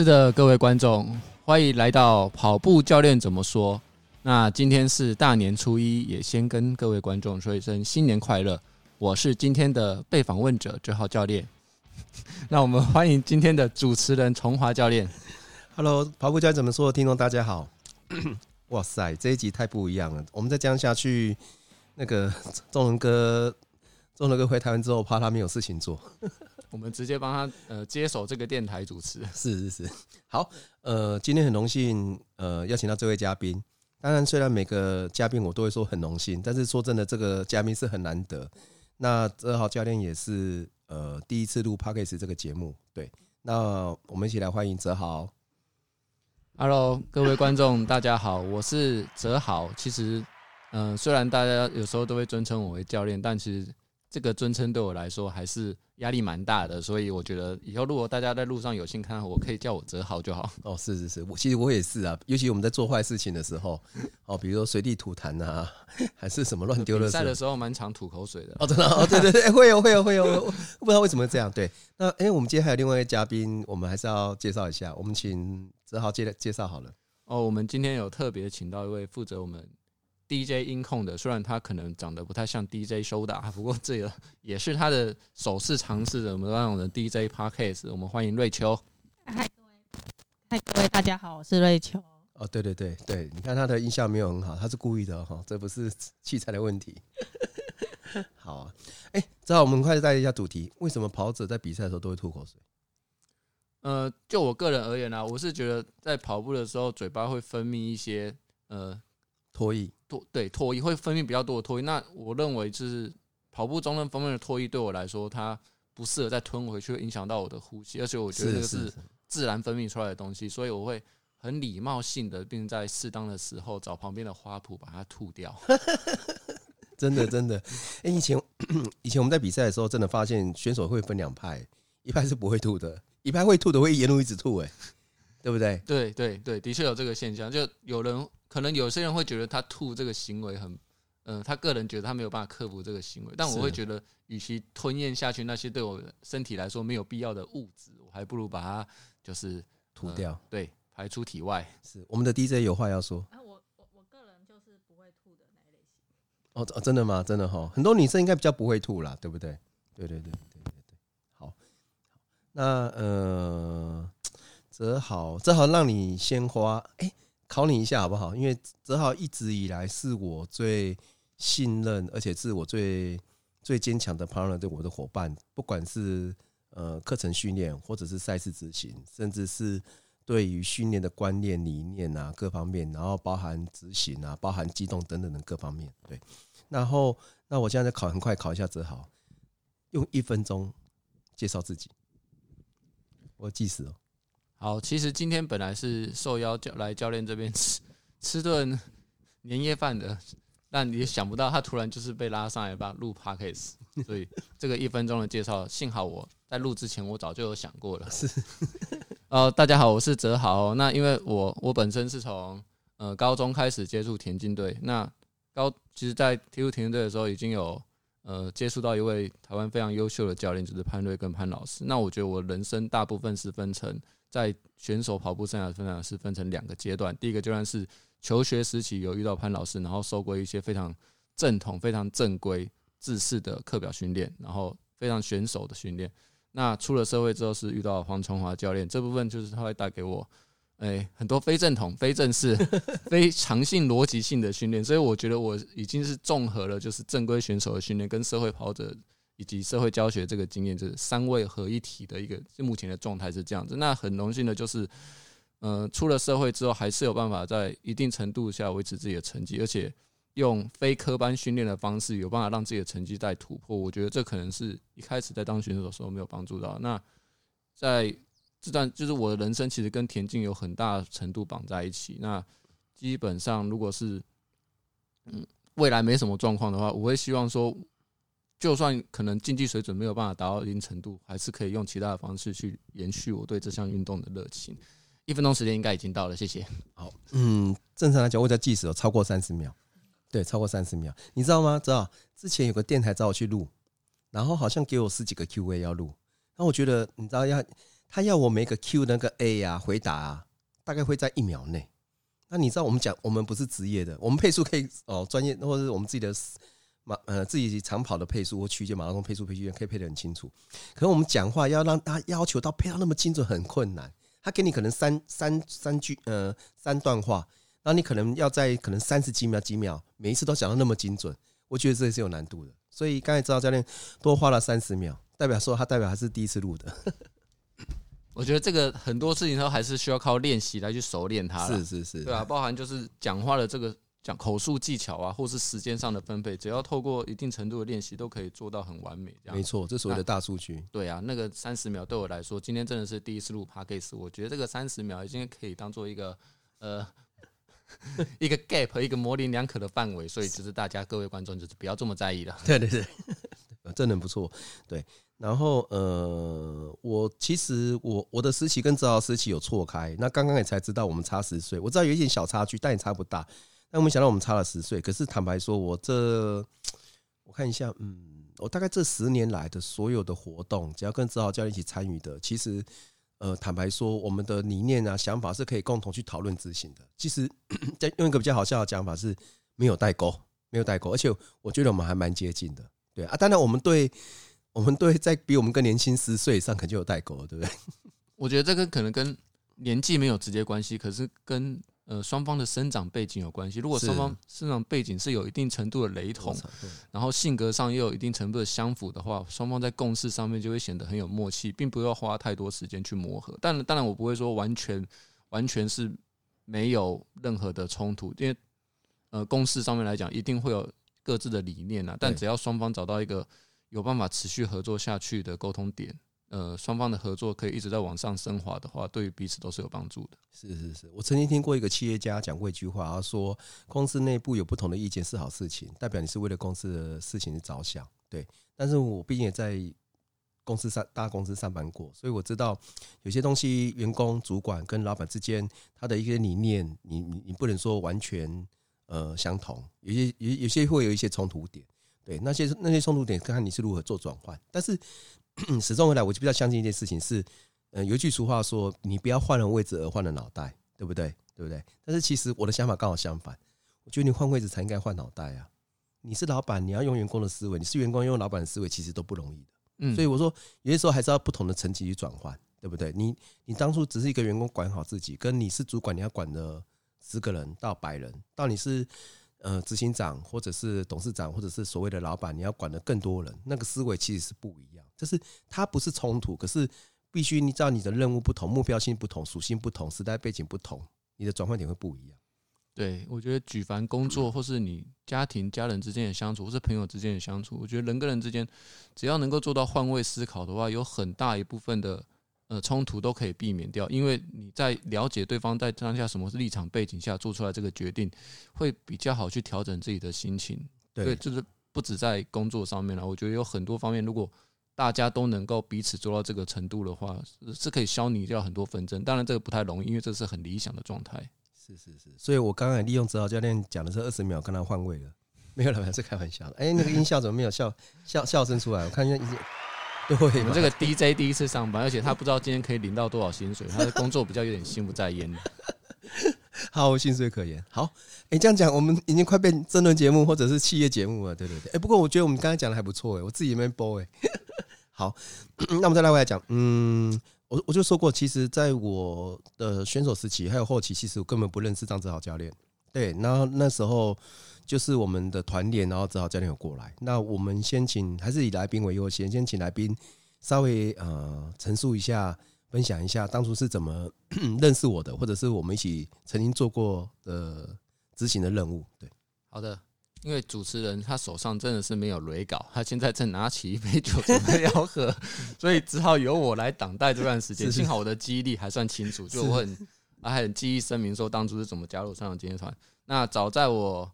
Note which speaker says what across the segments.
Speaker 1: 是的，各位觀眾，歡迎來到跑步教練怎麼說？那今天是大年初一，也先跟各位觀眾說一聲新年快樂。我是今天的被訪問者，志浩教練。 那我們歡迎今天的主持人崇華教練。Hello，跑步教練怎麼
Speaker 2: 說？聽眾大家好。咳咳哇塞，這一集太不一樣了。我們再這樣下去，那個中文哥，中文哥回台灣之後，怕他沒有事情做。
Speaker 1: 我們直接幫他呃接手這個電台主持，
Speaker 2: 是是是，好，呃，今天很榮幸呃邀請到這位嘉賓，當然雖然每個嘉賓我都會說很榮幸，但是說真的這個嘉賓是很難得，那哲豪教練也是呃第一次錄
Speaker 1: Podcast 這個節目，對，那我們一起來歡迎哲豪，Hello，各位觀眾大家好，我是哲豪，其實嗯、呃、雖然大家有時候都會尊稱我為教練，但其實。這個尊稱對我來說還是壓力蠻大的，所以我覺得以後如果大家在路上有幸看到，我可以叫我澤豪就好。哦，是是是，我
Speaker 2: 其實我也是啊，尤其我們在做壞事情的時候，哦，比如說隨地吐痰啊，還是什麼亂丟的。比賽的時
Speaker 1: 候蠻常吐口水的。哦，真的哦，對對
Speaker 2: 對，欸、會有、喔、會有、喔、會有、喔，對，我不知道為什麼這樣。對，那哎、欸，我們今天還有另外一位嘉賓，我們還是要介紹一下，我們請澤豪介介紹好
Speaker 1: 了。哦，我們今天有特別請到一位負責我們。D J 音控的，雖然他可能長得不太像 D J 收的，不過這個也是他的首次嘗試，的我們的 D J podcast？我們歡迎瑞秋。嗨各位，嗨各位，大家好，我是瑞秋。
Speaker 2: 哦，對對對對，你看他的音效沒有很好，他是故意的哈、哦，這不是器材的問題。 好啊，哎，正好我們快速帶一下主題，為什麼跑者在比賽的時候都會吐口水？
Speaker 1: 呃，就我個人而言呢、啊，我是覺得在跑步的時候，嘴巴會分泌一些呃唾液。對，唾液會分泌比較多的唾液，那我認為就是跑步中那方面的唾液，對我來說它不適合再吞回去，會影響到我的呼吸。而且我覺得是自然分泌出來的東西，所以我會很禮貌性的，並在適當的時候找旁邊的花圃把它吐掉。
Speaker 2: 真的 真的，真的欸、以前以前我們在比賽的時候，真的發現選手會分兩派，一派是不會吐的，一派會吐的會沿路一直吐、欸對不對？
Speaker 1: 對對對，的確有這個現象。就有人可能有些人會覺得他吐這個行為很，嗯、呃，他個人覺得他沒有辦法克服這個行為，但我會覺得，與其吞咽下去那些對我身體來說沒有必要的物質，我還不如把它就是吐掉、呃，對，排出體外。是我們的 DJ
Speaker 2: 有話要說。啊，我我我個人就是不會吐的那一類型。哦哦，真的嗎？真的哈、哦，很多女生應該比較不會吐啦，對不對？對對對對對，對。好，那呃。澤澤浩，澤浩，讓你先花，哎、欸，考你一下好不好？因為澤浩一直以來是我最信任，而且是我最最堅強的 partner，對我的夥伴，不管是呃課程訓練，或者是賽事執行，甚至是對於訓練的觀念理念啊各方面，然後包含執行啊，包含機動等等的各方面，對。然後，那我現在考，很快考一下澤浩，用一分鐘介紹自己，我計時哦。
Speaker 1: 好，其實今天本來是受邀教來教練這邊吃吃頓年夜飯的，但你想不到他突然就是被拉上來吧錄 podcast，所以這個一分鐘的介紹，幸好我在錄之前我早就有想過了。是，呃，大家好，我是哲豪。那因為我我本身是從呃高中開始接觸田徑隊，那高其實在踢入田徑隊的時候已經有呃接觸到一位台灣非常優秀的教練，就是潘瑞跟潘老師。那我覺得我人生大部分是分成。在選手跑步生涯分量是分成兩個階段，第一個階段是求學時期有遇到潘老師，然後受過一些非常正統、非常正規、制式的課表訓練，然後非常選手的訓練。那出了社會之後是遇到黃崇華教練，這部分就是他會帶給我誒、欸、很多非正統、非正式、非常性邏輯性的訓練，所以我覺得我已經是綜合了就是正規選手的訓練跟社會跑者，以及社會教學這個經驗，就是三位合一體的一個目前的狀態是這樣子。那很榮幸的就是，嗯、呃，出了社會之後，還是有辦法在一定程度下維持自己的成績，而且用非科班訓練的方式，有辦法讓自己的成績再突破。我覺得這可能是一開始在當選手的時候沒有幫助到。那在這段就是我的人生，其實跟田徑有很大程度綁在一起。那基本上，如果是嗯未來沒什麼狀況的話，我會希望說。就算可能競技水準沒有辦法達到一定程度，還是可以用其他的方式去延續我對這項運動的熱情。一分鐘時間應該已經到了，謝謝。好，
Speaker 2: 嗯，正常來講我在計時哦，超過三十秒。對，超過三十秒，你知道嗎？知道之前有個電台找我去錄，然後好像給我十幾個 Q A 要錄，那我覺得你知道要他要我每個 Q 的那個 A 呀、啊、回答啊，大概會在一秒內。那你知道我們講我們不是職業的，我們配速可以哦，專業或者是我們自己的。呃，自己長跑的配速或區間馬拉松配速、配區間，可以配得很清楚，可是我們講話要讓他要求到配到那麼精準很困難。他給你可能三三三句呃，三段話，然後你可能要在可能三十幾秒幾秒，每一次都講到那麼精準，我覺得這也是有難度的。所以剛才指導教練多花了三十秒，代表說他代表還是第一次錄的。
Speaker 1: 我覺得這個很多事情都還是需要靠練習來去熟練它。是是是，對啊，包含就是講話的這個。口述技巧啊，或是時間上的分配，只要透過一定程度的練習，都可以做到很完美。這樣，沒錯，這所謂的大數據。對啊，那個三十秒對我來說，今天真的是第一次錄 podcast，我覺得這個三十秒已經可以當做一個呃 一個 gap，一個模棱兩可的範圍，所以其實大家是各位觀眾就是不要這麼在意了。
Speaker 2: 對對對，真的很不錯。對，然後呃，我其實我我的時期跟澤豪時期有錯開，那剛剛也才知道我們差十歲，我知道有一點小差距，但也差不大。那我們想到我們差了十歲，可是坦白說，我這我看一下，嗯，我大概這十年來的所有的活動，只要跟子豪教練一起參與的，其實，呃，坦白說，我們的理念啊、想法是可以共同去討論執行的。其實，咳咳用一個比較好笑的講法是沒有代溝，沒有代溝，沒有代溝，而且我覺得我們還蠻接近的。對啊，當然我們對，我們對，在比我們更年輕十歲以上，肯定有代溝了，對不對？
Speaker 1: 我覺得這個可能跟年紀沒有直接關係，可是跟。呃，雙方的生長背景有關係。如果雙方生長背景是有一定程度的雷同，然後性格上也有一定程度的相符的話，雙方在共事上面就會顯得很有默契，並不要花太多時間去磨合。但當然，我不會說完全完全是沒有任何的衝突，因為呃，共事上面來講一定會有各自的理念吶、啊。但只要雙方找到一個有辦法持續合作下去的溝通點。呃，雙方的合作可以一直在往上升華的話，對於彼此都是有幫助的。是是是，我
Speaker 2: 曾經聽過一個企業家講過一句話，他說：“公司內部有不同的意見是好事情，代表你是為了公司的事情着想。”對，但是我畢竟也在公司上大公司上班過，所以我知道有些東西，員工、主管跟老板之間，他的一些理念，你你你不能說完全呃相同，有些有有些會有一些衝突點。對，那些那些衝突點，看看你是如何做轉換，但是。始終回來，我就比較相信一件事情是，嗯，有一句俗話說：“你不要換了位置而換了腦袋，對不對？對不對？”但是其實我的想法剛好相反，我覺得你換位置才應該換腦袋啊！你是老闆，你要用員工的思維；你是員工，用老闆的思維，其實都不容易的。嗯，所以我說，有些時候還是要不同的層級去轉換，對不對？你你當初只是一個員工，管好自己；跟你是主管，你要管的十個人到百人；到你是呃執行長，或者是董事長，或者是所謂的老闆，你要管的更多人，那個思維其實是不一樣的。就是它不是衝突，可是必須你知道你的任務不同，目標性不同，屬性不同，時代背景不同，你的轉換點會不一樣。
Speaker 1: 對，我覺得，舉凡工作或是你家庭、家人之間的相處，或是朋友之間的相處，我覺得人跟人之間，只要能夠做到換位思考的話，有很大一部分的呃衝突都可以避免掉，因為你在了解對方在當下什麼立場背景下做出來這個決定，會比較好去調整自己的心情。對，就是不止在工作上面了，我覺得有很多方面，如果大家都能夠彼此做到這個程度的話，是可以消弭掉很多紛爭。當然，這個不太容易，因為這是很理想的狀態。
Speaker 2: 是是是，
Speaker 1: 所以我剛才利用指導教練講的是二十秒，跟他換位的。 沒有了，還是開玩笑的。
Speaker 2: 哎、欸，那個音效怎麼沒有笑笑笑聲出來？我看一下，對，我們這個
Speaker 1: DJ 第一次上班，而且他不知道今天可以領到多少薪水，他的工作比較有點心不在焉。
Speaker 2: 好，毫無薪水可言。好，哎，這樣講，我們已經快變政論節目或者是企業節目了。對對對，哎，不過我覺得我們剛才講的還不錯、欸。我自己也沒播。哎、欸 好，好， 那我們再來回來講。嗯，我我就說過，其實在我的選手時期還有後期，其實我根本不認識張子豪教練。對，那那時候就是我們的團練，然後子豪教練有過來。那我們先請，還是以來賓為優先，先請來賓稍微呃陳述一下。分享一下當初是怎麼認識我的，或者是我們一起曾經做過的執行的任務。對，
Speaker 1: 好的，因為主持人他手上真的是沒有稿，他現在正拿起一杯酒準備要喝， 所以只好由我來擋代這段時間。是是幸好我的記憶力還算清楚，就我很是是啊很記憶鮮明，說當初是怎麼加入三重今天團。那早在我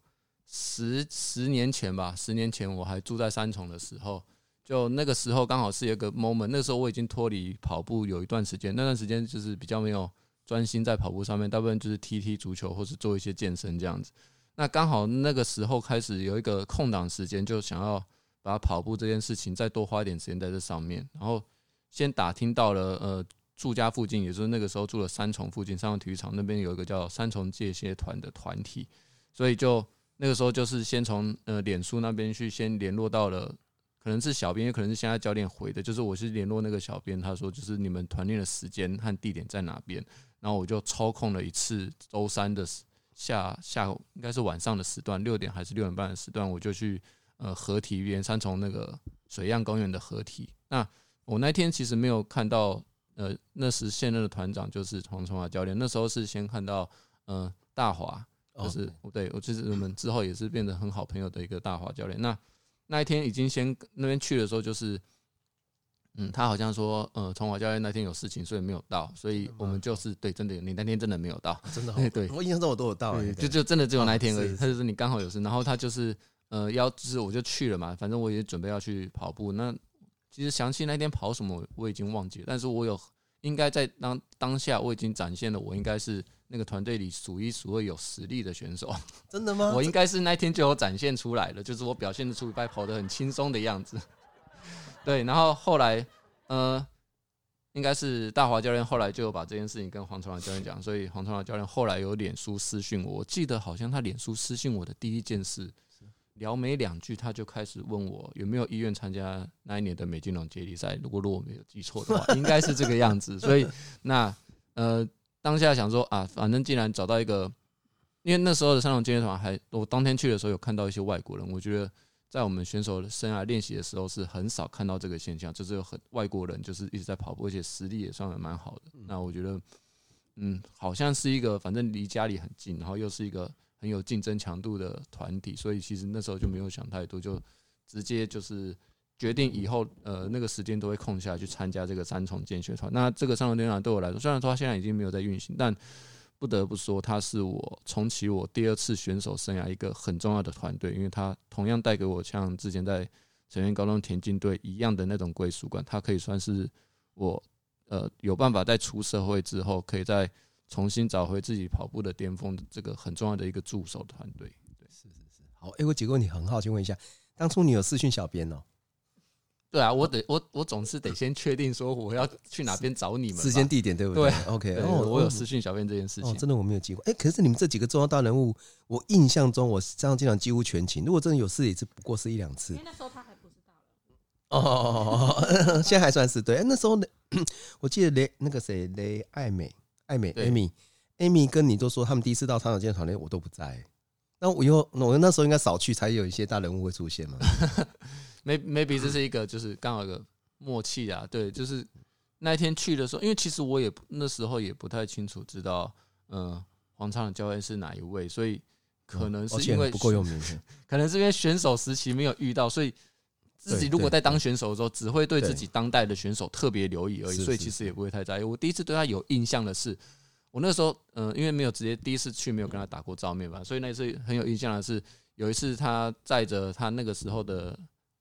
Speaker 1: 十十年前吧，十年前我還住在三重的時候。就那個時候剛好是有一個 moment，那時候我已經脫離跑步有一段時間，那段時間就是比較沒有專心在跑步上面，大部分就是踢踢足球或是做一些健身這樣子。那剛好那個時候開始有一個空檔時間，就想要把跑步這件事情再多花一點時間在這上面。然後先打聽到了，呃，住家附近，也就是那個時候住了三重附近，三重體育場那邊有一個叫三重間歇團的團體，所以就那個時候就是先從呃臉書那邊去先聯絡到了。可能是小編，也可能是現在教練回的，就是我去聯絡那個小編，他說就是你們團練的時間和地點在哪邊，然後我就操控了一次周三的下下應該是晚上的時段，六點還是六點半的時段，我就去呃河堤園三重那個水漾公園的河堤。那我那天其實沒有看到，呃，那時現任的團長就是黃崇華教練，那時候是先看到嗯、呃、大華，就是 Okay. 對我就是我們之後也是變得很好朋友的一個大華教練。那那一天已經先那邊去的時候，就是，嗯，他好像說，呃，崇華教練那天有事情，所以沒有到，所以我們就是麼對，真的有，你那天真的沒有到，真的好 對，我印象中我都有到就、啊、就真的只有那一天而已。他、哦、就是你剛好有事，然後他就是呃要，就是我就去了嘛，反正我也準備要去跑步。那其實詳細那天跑什麼我，我已經忘記了，但是我有應該在當當下我已經展現了，我應該是。那個團隊裡數一數二有實力的選手，真的嗎？我應該是那天就有展現出來了，就是我表現得出意跑得很輕鬆的樣子。對，然後後來，呃，應該是大華教練後來就有把這件事情跟黃春朗教練講，所以黃春朗教練後來有臉書私訊我，我記得好像他臉書私訊我的第一件事，聊沒兩句他就開始問我有沒有意願參加那一年的美津濃接力賽，如果如果沒有記錯的話，應該是這個樣子。所以那呃。當下想說啊，反正既然找到一個，因為那時候的三龍接力團還，我當天去的時候有看到一些外國人，我覺得在我們選手生涯練習的時候是很少看到這個現象，就是有很外國人就是一直在跑步，而且實力也算還蠻好的。那我覺得，嗯，好像是一個反正離家裡很近，然後又是一個很有競爭強度的團體，所以其實那時候就沒有想太多，就直接就是。決定以後，呃，那個時間都會空下來去參加這個三重建選團。那這個三重建選團對我來說，雖然說它現在已經沒有在運行，但不得不說他是我重啟我第二次選手生涯一個很重要的團隊，因為他同樣帶給我像之前在成淵高中田徑隊一樣的那種歸屬感。他可以算是我，呃，有辦法在出社會之後，可以再重新找回自己跑步的巔峰的這個很重要的一個助手團隊。對，是
Speaker 2: 是是。好，哎、欸，我幾個問題，很好，請問一下，當初你有私訊小編哦、喔。
Speaker 1: 對啊，我得我我總是得先確定說我要去哪邊找你們。時間地點對不對？對，OK。我有私訊小編這件事情、哦，真
Speaker 2: 的我沒有機會。哎、欸，可是你們這幾個重要大人物，我印象中我這樣經常幾乎全勤。如果真的有事，也是不過是一兩次。那時候他還不知道。哦，現在還算是對。那時候我記得雷那個誰雷愛美，愛美，艾米，艾米對跟你都說他們第一次到蒼角艦船隊我都不在。那我又我那時候應該少去，才有一些大人物會出現嘛。
Speaker 1: Maybe 這是一個，就是剛好一個默契啊。對，就是那一天去的時候，因為其實我也那時候也不太清楚知道，嗯，黃昌的教練是哪一位，所以可能是因為不夠有名，可能是因為選手時期沒有遇到，所以自己如果在當選手的時候，只會對自己當代的選手特別留意而已，所以其實也不會太在意。我第一次對他有印象的是，我那時候，嗯，因為沒有直接第一次去沒有跟他打過照面吧，所以那次很有印象的是，有一次他載着他那個時候的。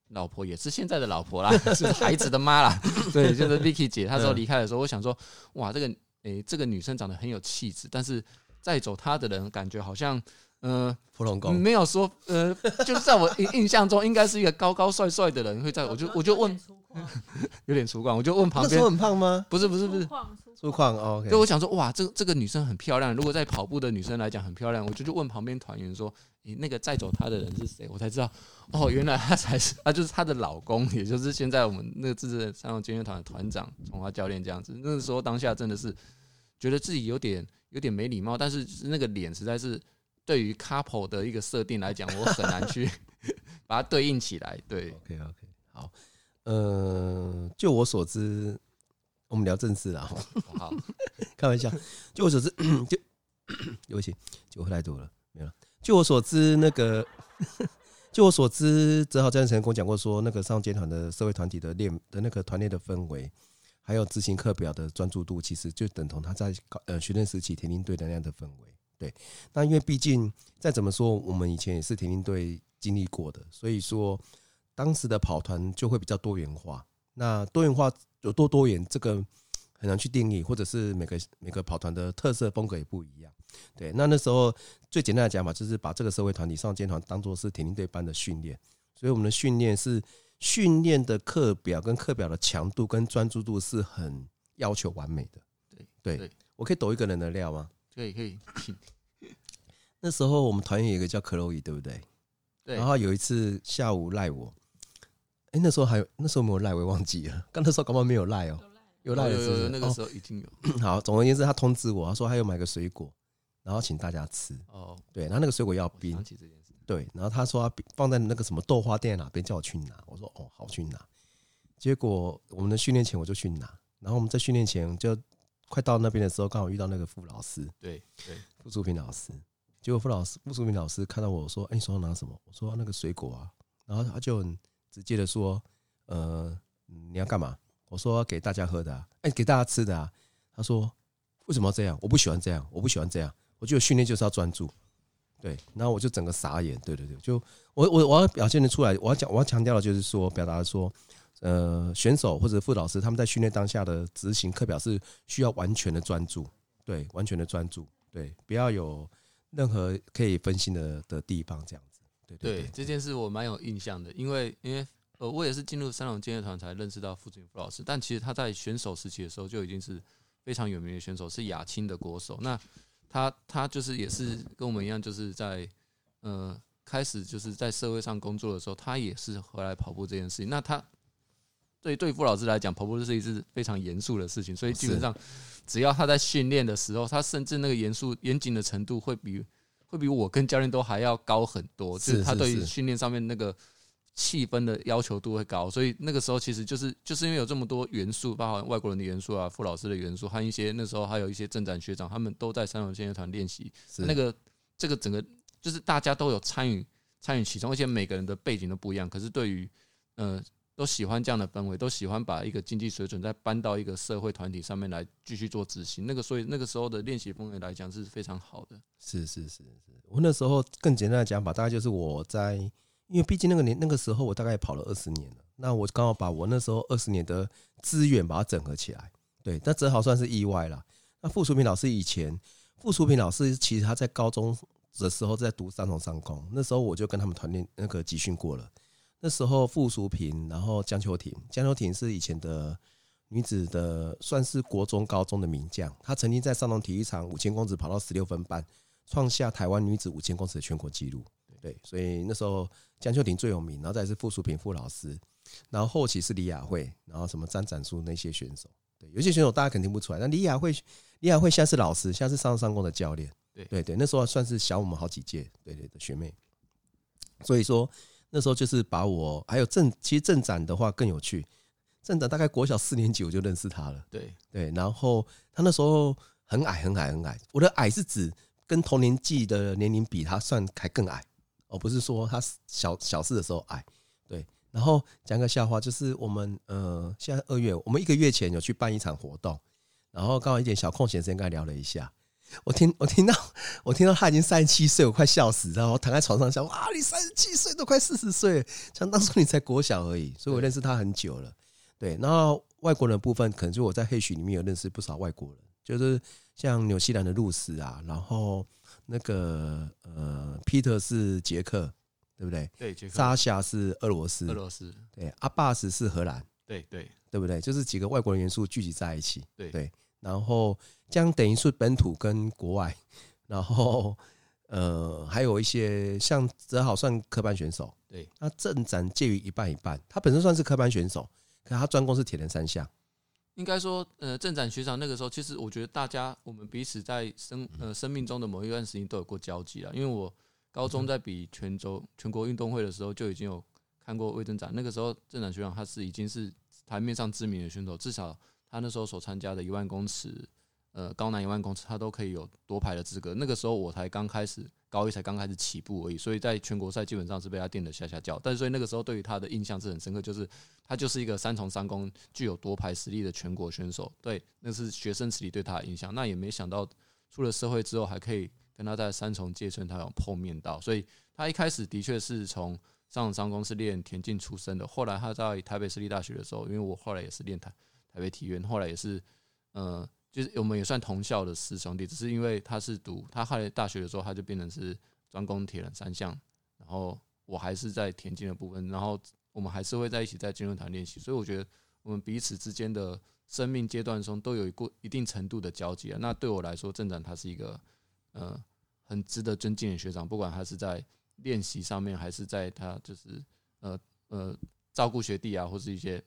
Speaker 1: 老婆也是現在的老婆啦， 是孩子的媽啦。 對，就是 Vicky 姐，她說離開的時候，嗯、我想說，哇，這個誒、欸，這個女生長得很有氣質，但是帶走她的人感覺好像，呃、普通高嗯，沒有說，呃， 就在我印象中，應該是一個高高帥帥的人會在 我就我就，我就問， 有點粗獷， 我就問旁邊 那時候很胖嗎？不是不是不是。路況，OK，所以我想說，哇，這這個女生很漂亮。如果在跑步的女生來講，很漂亮，我就去問旁邊團員說：“你、欸、那個載走她的人是誰？”我才知道，哦、喔，原來她才是，她就是她的老公，也就是現在我們那個這支三六軍團的團長、從華教練這樣子。那時候當下真的是覺得自己有點有點沒禮貌，但是，是那個臉實在是對於 couple 的一個設定來講，我很難去 把它對應起來。對，OK OK，好，
Speaker 2: 呃，就我所知。我們聊正事啦，哦、好， 開玩笑。據、嗯、我所知，就對不起，酒喝太多了，沒了，沒 了。 據我所知，那個據咳咳我所知，哲浩教練跟我講過，說那個上街團的社會團體的練的那個團隊的氛圍，還有執行課表的專注度，其實就等同他在呃學生時期田徑隊的那樣的氛圍。對，那因為畢竟再怎麼說我們以前也是田徑隊經歷過的，所以說當時的跑團就會比較多元化。那多元化有多多元，這個很難去定義，或者是每個每個跑團的特色風格也不一樣。對，那那時候最簡單的講法就是把這個社會團體上健團當做是田徑隊般的訓練，所以我們的訓練是訓練的課表跟課表的強度跟專注度是很要求完美的。對，對，我可以抖一個人的料嗎？
Speaker 1: 可以，可以。
Speaker 2: 那時候我們團員有一個叫 c l o e 對不對？
Speaker 1: 對。然後
Speaker 2: 有一次下午賴我。哎、欸，那時候還有那時候沒有賴，我也忘記了。剛那時候剛好沒有賴哦、喔，有賴賴時候有有有，那個時候已經有。哦、好，總而言之，他通知我，他說他要買個水果，然後請大家吃哦。對，然後那個水果要冰，我想起這件事。對，然後他說他放在那個什麼豆花店哪邊，叫我去拿。我說哦，好我去拿。結果我們的訓練前我就去拿，然後我們在訓練前就快到那邊的時候，剛好遇到那個付老師，對對，付淑萍老師。結果付老師付淑萍老師看到我說：“哎、欸，你手上拿什麼？”我說：“那個水果啊。”然後他就。直接的說，呃，你要幹嘛？我說給大家喝的啊，哎，給大家吃的啊。他說，為什麼要這樣？我不喜歡這樣，我不喜歡這樣。我覺得訓練就是要專注，對。然後我就整個傻眼，對對對，就我我我要表現的出來，我要講我要強調的就是說，表達說，呃，選手或者副導師他們在訓練當下的執行課表是需要完全的專注，對，完全的專注，對，不要有任何可以分心的的地方，這樣
Speaker 1: 對，對，對，對這件事我蠻有印象的，因為因為呃，我也是進入三龍健業團，才認識到傅志傅老師。但其實他在選手時期的時候就已經是非常有名的選手，是亞青的國手。那他他就是也是跟我們一樣，就是在呃開始就是在社會上工作的時候，他也是回來跑步這件事情。那他對對傅老師來講，跑步是一次非常嚴肅的事情，所以基本上只要他在訓練的時候，他甚至那個嚴肅嚴謹的程度會比。會比我跟教練都還要高很多，就是他對於訓練上面那個氣氛的要求都會高。是是是，所以那個時候其實就是就是因為有這麼多元素，包括外國人的元素啊，傅老師的元素，還有一些那時候還有一些正展學長，他們都在三樓訓練團練習。是啊、那個這個整個就是大家都有參與參與其中，而且每個人的背景都不一樣，可是對於嗯。呃都喜歡這樣的氛圍，都喜歡把一個經濟水準再搬到一個社會團體上面來繼續做執行。那個所以那個時候的練習氛圍來講是非常好的。是
Speaker 2: 是是是，我那時候更簡單的講法，大概就是我在，因為畢竟那個年那個時候我大概也跑了二十年了，那我剛好把我那時候二十年的資源把它整合起來。對，那只好算是意外了。那付淑萍老師以前，付淑萍老師其實他在高中的時候在讀三重商工，那時候我就跟他們團練那個集訓過了。那時候傅淑萍，然後江秋婷，江秋婷是以前的女子的，算是國中高中的名將。她曾經在上東體育場五千公尺跑到十六分半，創下台灣女子五千公尺的全國紀錄。對，所以那時候江秋婷最有名，然後再是傅淑萍傅老師，然後後期是李亞慧，然後什麼張展書那些選手。有些選手大家肯定不出來。那李亞慧，李亞慧現在是老師，現在是上上宮的教練。對對對，那時候算是小我們好幾屆，對對的學妹。所以說。那時候就是把我還有正，其實正展的話更有趣。正展大概國小四年級我就認識他了，對對。然後他那時候很矮，很矮，很矮。我的矮是指跟同年紀的年齡比，他算還更矮，而不是說他小小四的時候矮。對。然後講個笑話，就是我們呃，現在二月，我們一個月前有去辦一場活動，然後剛好一點小空閒時間，跟他聊了一下。我聽我聽到我聽到他已經三十七歲，我快笑死，然後我躺在床上想，啊！你三十七歲都快四十歲，想當初你才國小而已。所以我認識他很久了，對，對。然後外國人的部分，可能就我在黑雪裡面有認識不少外國人，就是像紐西蘭的露絲啊，然後那個呃，Peter 是捷克，對不對？對，捷克。沙夏是俄羅斯，俄羅斯。對，Abbas 是荷蘭，對對對不對？就是幾個外國人元素聚集在一起，對對。對然後將等於是本土跟國外，然後呃，還有一些像澤豪算科班選手，對，那正展介於一半一半，他本身算是科班選手，可他專攻是鐵人三項。
Speaker 1: 應該說，呃，正展學長那個時候，其實我覺得大家我們彼此在生呃生命中的某一段時間都有過交集了，因為我高中在比泉州全國運動會的時候就已經有看過魏正展，那個時候正展學長他是已經是台面上知名的選手，至少。他那時候所參加的一萬公尺，呃，高男一萬公尺，他都可以有奪牌的資格。那個時候我才剛開始，高一才剛開始起步而已，所以在全國賽基本上是被他電得嚇嚇叫。但是所以那個時候對於他的印象是很深刻，就是他就是一個三重商工具有奪牌實力的全國選手。對，那是學生時期對他的印象。那也沒想到出了社會之後還可以跟他在三重界村他有碰面到。所以他一開始的確是從三重商工是練田徑出身的。後來他在台北市立大學的時候，因為我後來也是練台。台北體院後來也是，呃，就是我們也算同校的師兄弟，只是因為他是讀他後來大學的時候，他就變成是專攻鐵人三項，然後我還是在田徑的部分，然後我們還是會在一起在軍團練習，所以我覺得我們彼此之間的生命階段中都有過一,一定程度的交集啊。那對我來說，鎮長他是一個呃很值得尊敬的學長，不管他是在練習上面，還是在他就是呃呃照顧學弟啊，或是一些。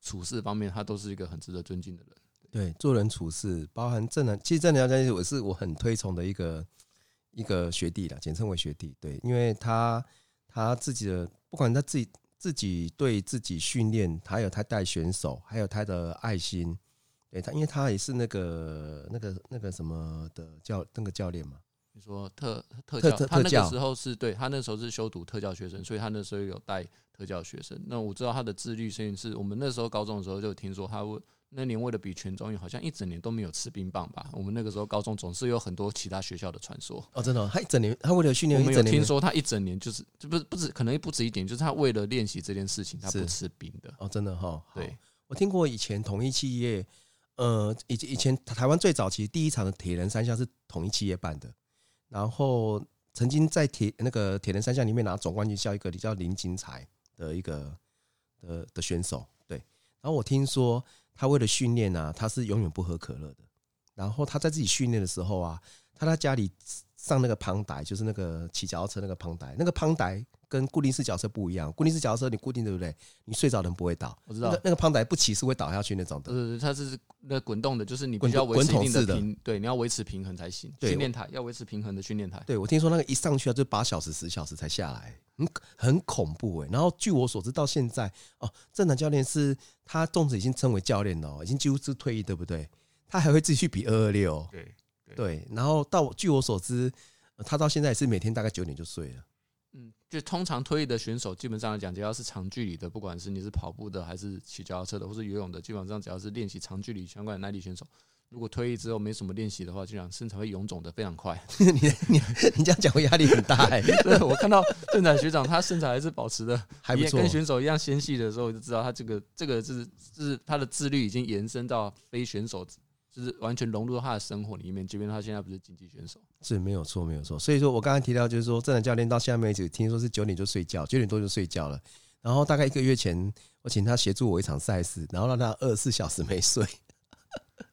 Speaker 1: 處事方面，他都是一個很值得尊敬的人。
Speaker 2: 對，對做人處事，包含正能，其實正能要講我是我很推崇的一個一個學弟啦，簡稱為學弟。對，因為他他自己的，不管他自己自己對自己訓練，他還有他帶選手，還有他的愛心。對他，因為他也是那個那個那個什麼的教那個教練嘛。
Speaker 1: 說特特教，他那個時候是對，他那時候是修讀特教學生，所以他那時候有帶特教學生。那我知道他的自律性，是我們那時候高中的時候就聽說他那年為了比全中運，好像一整年都沒有吃冰棒吧？我們那個時候高中總是有很多其他學校的傳說
Speaker 2: 哦，真的，哦，他一整年，他為了訓練，我們沒有聽說
Speaker 1: 他一整年就是，這不是不止，可能不止一點，就是他為了練習這件事情，他不吃冰
Speaker 2: 的是哦，真的哈，
Speaker 1: 哦。對，我聽過以前統一企業，
Speaker 2: 呃，以以前台灣最早期第一場的鐵人三項是統一企業辦的。然後曾經在鐵那個鐵人三項裡面拿總冠軍，叫一個叫林金才的一個的的選手，對。然後我聽說他為了訓練啊，他是永遠不喝可樂的。然後他在自己訓練的時候啊，他在家裡上那個胖袋，就是那個騎腳踏車那個胖袋，那個胖袋。跟固定式角色不一樣，固定式角色你固定，對不對？你睡着人不會倒。我知道。那，那個胖仔不騎是會倒下去那種的。
Speaker 1: 對是、嗯，它是那滾動的，就是你比較滾筒式的。對，你要維持平衡才行。訓練對台我要維持平衡的訓練台。對，我
Speaker 2: 聽說那個一上去啊，就八小時、十小時才下來，很很恐怖誒、欸。然後據我所知，到現在哦、啊，正男教練是他粽子已經稱為教練哦，已經幾乎是退役，對不對？他還會自己去比二二六。對對。然後到據我所知，他到現在也是每天大概九點就睡了。
Speaker 1: 就通常退役的選手，基本上來講，只要是長距離的，不管是你是跑步的，還是騎腳踏車的，或是游泳的，基本上只要是練習長距離相關的耐力選手，如果退役之後沒什麼練習的話，基本上身材會臃腫的非常快 你。你你你這樣講，我壓力很大哎 對，我看到正仔學長他身材還是保持的還不錯，跟選手一樣纖細的時候，我就知道他這個這個是是他的自律已經延伸到非選手。就是完全融入到他的生活裡面，即便他現在不是競技選手，
Speaker 2: 是沒有錯，沒有錯。所以說我剛剛提到，就是說正展教練到下面一直聽說是九點就睡覺，九點多就睡覺了。然後大概一個月前，我請他協助我一場賽事，然後讓他二十四小時沒睡。嗯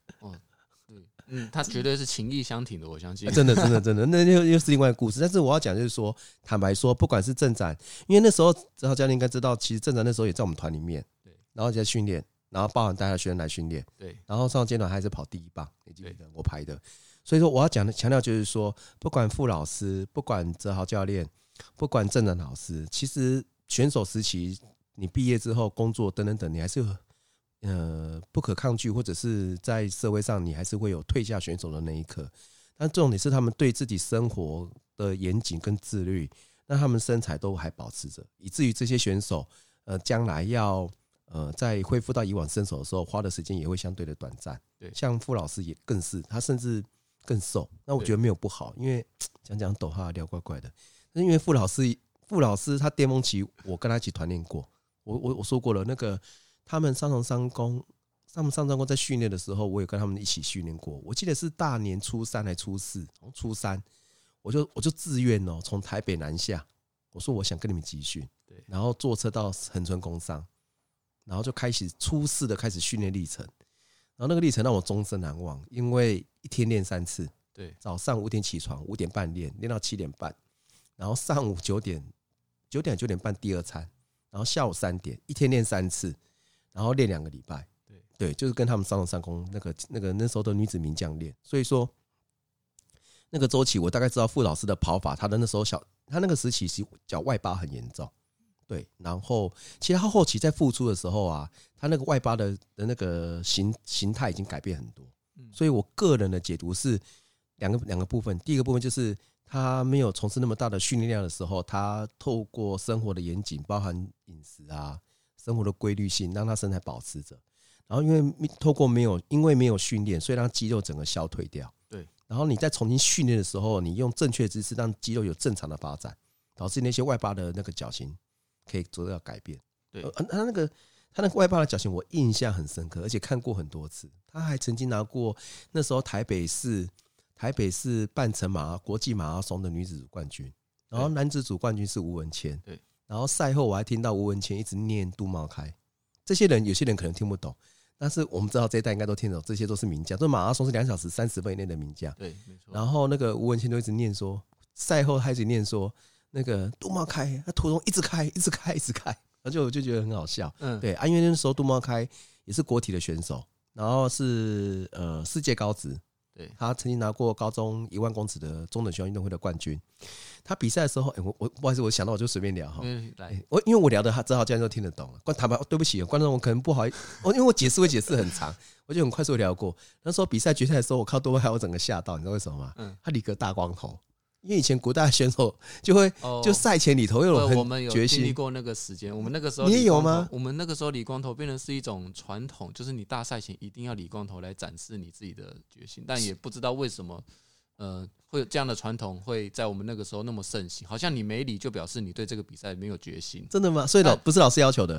Speaker 1: 哦，嗯，他絕對是情義相挺的，我相信。 真的，真的，
Speaker 2: 真的，那又又是另外一個故事。但是我要講就是說，坦白說，不管是正展，因為那時候正展教練應該知道，其實正展那時候也在我們團裡面，對，然後就在訓練。然後包含大家的學生來訓練，對。然後上階段還是跑第一棒的，對，我排的。所以說我要講的強調就是說，不管傅老師，不管哲豪教練，不管正南老師，其實選手時期，你畢業之後工作等等等，你還是呃不可抗拒，或者是在社會上，你還是會有退下選手的那一刻。但重點是他們對自己生活的嚴謹跟自律，那他們身材都還保持着，以至於這些選手，呃，將來要。呃，在恢復到以往身手的時候，花的時間也會相對的短暫。對，像傅老師也更是，他甚至更瘦。那我覺得沒有不好，對因為講講抖哈，聊怪怪的。那因為傅老師傅老師他巔峰期，我跟他一起團練過。我我我說過了，那個他們三重商工，他們三重商工在訓練的時候，我也跟他們一起訓練過。我記得是大年初三還初四，從、哦、初三我就我就自願哦，從台北南下，我說我想跟你們集訓，對，然後坐車到恆春工商。然後就開始初試的開始訓練歷程，然後那個歷程讓我終身難忘，因為一天練三次，對，早上五點起床，五點半練，練到七點半，然後上午九點，九點九點半第二餐，然後下午三點，一天練三次，然後練兩個禮拜，對，對，就是跟他們三龍三宮那個那個那時候的女子名將練，所以說那個周期，我大概知道傅老師的跑法，他的那時候小，他那個時期其實腳外八很嚴重。對，然後其實他後期在復出的時候啊，他那個外八的的那個形形態已經改變很多，嗯，所以我個人的解讀是兩個兩個部分，第一個部分就是他沒有從事那麼大的訓練量的時候，他透過生活的嚴謹，包含飲食啊，生活的規律性，讓他身材保持着，然後因為透過沒有因為沒有訓練，所以讓肌肉整個消退掉，對，然後你再重新訓練的時候，你用正確姿勢讓肌肉有正常的發展，導致那些外八的那個腳型，可以做到改變，對，對啊，他那個他那個外八的腳型，我印象很深刻，而且看過很多次。他還曾經拿過那時候台北市台北市半程馬國際馬拉松的女子組冠軍，然後男子組冠軍是吳文謙，對。然後賽後我還聽到吳文謙一直念杜茂開，這些人有些人可能聽不懂，但是我們知道這一代應該都聽懂，這些都是名將，這馬拉松是兩小時三十分以內的名將，對。沒錯，然後那個吳文謙就一直念說，賽後開始念說。那個杜茂開，他途中一直開，一直開，一直開，而且我就覺得很好笑。嗯、對，啊，因為那時候杜茂開也是國體的選手，然後是呃世界高職，對他曾經拿過高中一萬公尺的中等學校運動會的冠軍。他比賽的時候，欸、我我不好意思，我想到我就隨便聊哈。
Speaker 1: 嗯，來，
Speaker 2: 欸、我因為我聊的他正好這樣就聽得懂了。關坦白、哦，對不起，觀眾，我可能不好意，我、 哦、因為我解釋會解釋很長，我就很快速聊過。那時候比賽決賽的時候，我靠，杜茂開我整個嚇到，你知道為什麼嗎？嗯，他理個大光頭。因為以前古代選手就會就賽前裡頭有、哦、我們有，經歷過
Speaker 1: 那個時間，我們那個時候、嗯、你也有嗎？我們那個時候理光頭變成是一種傳統，就是你大賽前一定要理光頭來展示你自己的決心。但也不知道為什麼，是呃，會有這樣的傳統會在我們那個時候那麼盛行，好像你沒理就表示你對這個比賽沒有決心，真的嗎？所以老
Speaker 2: 但不是老師要求的，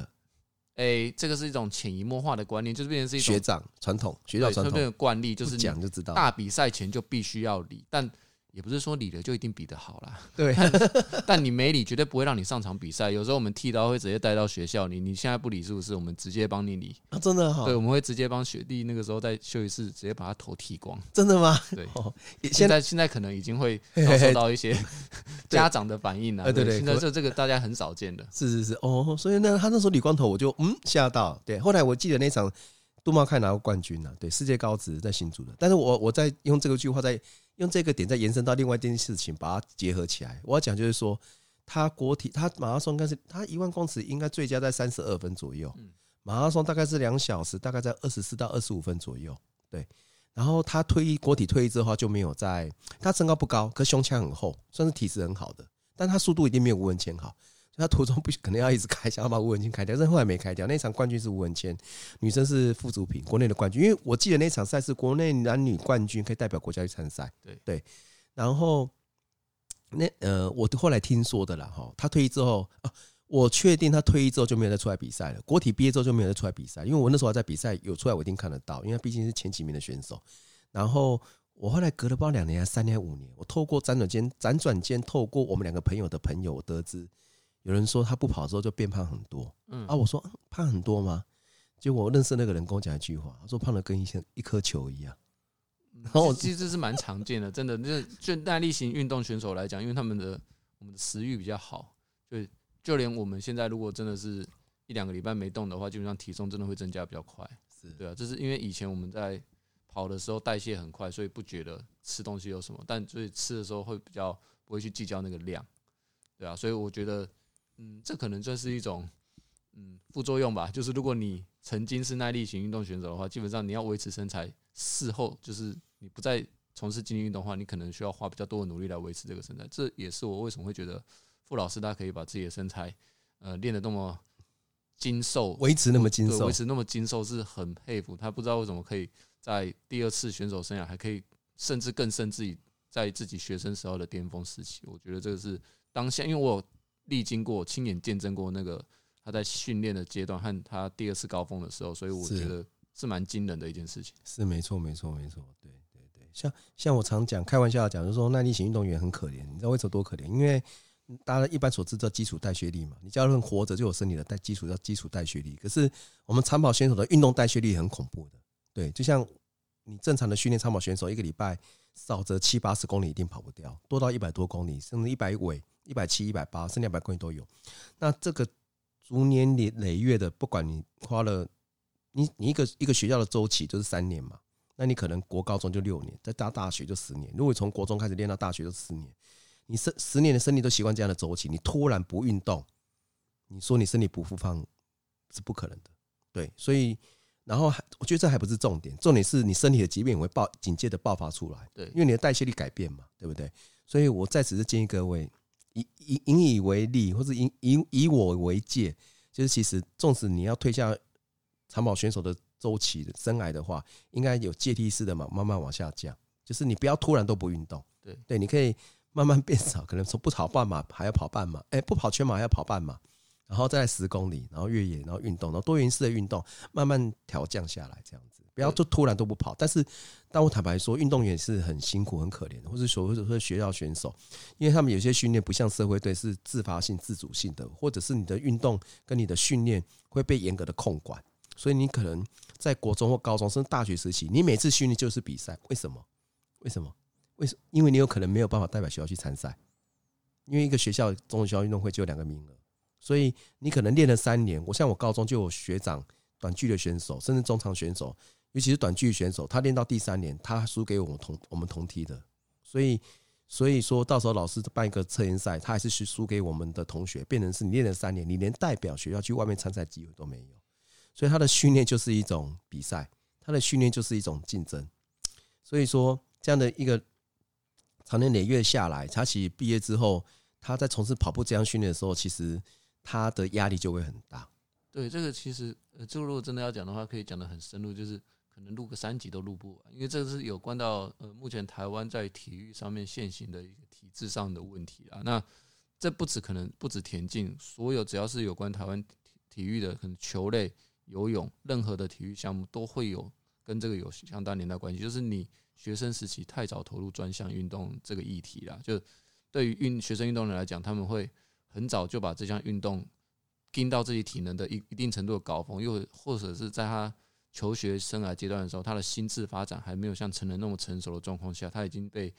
Speaker 1: 哎、欸，這個是一種潛移默化的觀念，就是變成是一種學長傳統，學校傳統的慣例，就是講就，就知道大比賽前就必須要理，但。也不是說理了就一定比得好啦，對。但你沒理，絕對不會讓你上場比賽。有時候我們剃刀會直接帶到學校裡，你現在不理是不是？我們直接幫你理啊，真的好。對，我們會直接幫學弟那個時候在休息室直接把他頭剃光，真的嗎？對。現在現在可能已經會感受到一些家長的反應了。對對。那這這個大家很少見的。
Speaker 2: 是是是。哦。所以那他那時候理光頭，我就嗯嚇到。對，後來我記得那場杜茂開拿過冠軍了、啊，對，世界高職在新竹的。但是我我在用這個句話在。用這個點再延伸到另外一件事情，把它結合起來。我要講就是說，他國體他馬拉松應該是他一萬公尺應該最佳在三十二分左右，馬拉松大概是兩小時，大概在二十四到二十五分左右。對，然後他退役國體退役之後就沒有再。他身高不高，可胸腔很厚，算是體質很好的，但他速度一定沒有吳文謙好。他途中不可能要一直開槍，想要把吳文謙開掉，但是後來沒開掉。那場冠軍是吳文謙，女生是付祖平，國內的冠軍。因為我記得那場賽事，國內男女冠軍可以代表國家去參賽。對對，然後那呃，我都後來聽說的了哈。喔，他退役之後，啊，我確定他退役之後就沒有再出來比賽了。國體畢業之後就沒有再出來比賽，因為我那時候還在比賽，有出來我一定看得到，因為畢竟是前幾名的選手。然後我後來隔了不知道兩年、啊、三年、五年，我透過輾轉間、輾轉間，透過我們兩個朋友的朋友我得知。有人說他不跑之後就變胖很多，嗯啊，我說胖很多嗎？結果我認識那個人跟我講一句話，他說胖了跟一顆球一樣。
Speaker 1: 然後我其實這是蠻常見的，真的，就是就耐力型運動選手來講，因為他們的我們的食慾比較好，就就連我們現在如果真的是一兩個禮拜沒動的話，基本上體重真的會增加比較快，對啊，這，就是因為以前我們在跑的時候代謝很快，所以不覺得吃東西有什麼，但所以吃的時候會比較不會去計較那個量，對啊，所以我覺得。嗯，這可能算是一種，嗯，副作用吧。就是如果你曾經是耐力型運動選手的話，基本上你要維持身材，事後就是你不再從事競技運動的話，你可能需要花比較多的努力來維持這個身材。這也是我為什麼會覺得傅老師他可以把自己的身材，呃，練得那麼精瘦，維持那麼精瘦，維持那麼精瘦是很佩服。他不知道為什麼可以在第二次選手生涯，還可以甚至更勝自己在自己學生時候的巔峰時期，我覺得這個是當下，因為我。歷經過，親眼見證過那個他在訓練的階段和他第二次高峰的時候，所以我覺得是蠻驚人的一件事情是。
Speaker 2: 是沒錯，沒錯，沒錯。對，對，對。像像我常講，開玩笑講，就是說耐力型運動員很可憐，你知道為什麼多可憐？因為大家一般所知道基礎代謝率嘛，你叫人活着就有身體的代基礎叫基礎代謝率。可是我們長跑選手的運動代謝率很恐怖的。對，就像你正常的訓練，長跑選手一個禮拜少則七八十公里一定跑不掉，多到一百多公里甚至一百尾。一百七、一百八，甚至兩百公斤都有。那這個逐年累累月的，不管你花了你，你你一個一個學校的周期就是三年嘛。那你可能國高中就六年，在大大學就十年。如果從國中開始練到大學就十年，你生十年的生理都習慣這樣的周期，你突然不運動，你說你身體不復胖是不可能的。對，所以然後還我覺得這還不是重點，重點是你身體的疾病會爆緊接著爆發出來。對，因為你的代謝率改變嘛，對不對？所以我在此是建議各位。以以以為例，或者以以以我為戒，就是其實，縱使你要退下長跑選手的周期生涯的話，應該有階梯式的嘛，慢慢往下降。就是你不要突然都不運動，對對，你可以慢慢變少，可能說不跑半馬，還要跑半馬，哎、欸，不跑全馬還要跑半馬，然後再十公里，然後越野，然後運動，然後多元式的運動，慢慢調降下來，這樣子。不要就突然都不跑，但是，當我坦白說，運動員是很辛苦、很可憐的，或者所謂的說學校選手，因為他們有些訓練不像社會隊是自發性、自主性的，或者是你的運動跟你的訓練會被嚴格的控管，所以你可能在國中或高中甚至大學時期，你每次訓練就是比賽，為什麼？為什麼？為什麼？因為你有可能沒有辦法代表學校去參賽，因為一個學校中學校運動會只有兩個名額，所以你可能練了三年。我像我高中就有學長。短距離選手，甚至中長選手，尤其是短距離選手，他練到第三年，他輸給我們同我們同梯的，所以，所以說到時候老師辦一個測驗賽，他還是輸輸給我們的同學，變成是你練了三年，你連代表學校去外面參賽機會都沒有，所以他的訓練就是一種比賽，他的訓練就是一種競爭，所以說這樣的一個長年累月下來，他其實畢業之後，他在從事跑步這項訓練的時候，其實他的壓力就會很大。
Speaker 1: 對，這個其實。呃，這如果真的要講的話，可以講得很深入，就是可能錄個三集都錄不完，因為這是有關到呃目前台灣在體育上面現行的一個體制上的問題啊。那這不只可能不只田徑，所有只要是有關台灣體育的，可能球類、游泳，任何的體育項目都會有跟這個有相當連帶關係，就是你學生時期太早投入專項運動這個議題啦。就對於運學生運動員來講，他們會很早就把這項運動。進到自己體能的一一定程度的高峰，又或者是在他求學生涯階段的時候，他的心智發展還沒有像成人那麼成熟的狀況下，他已經被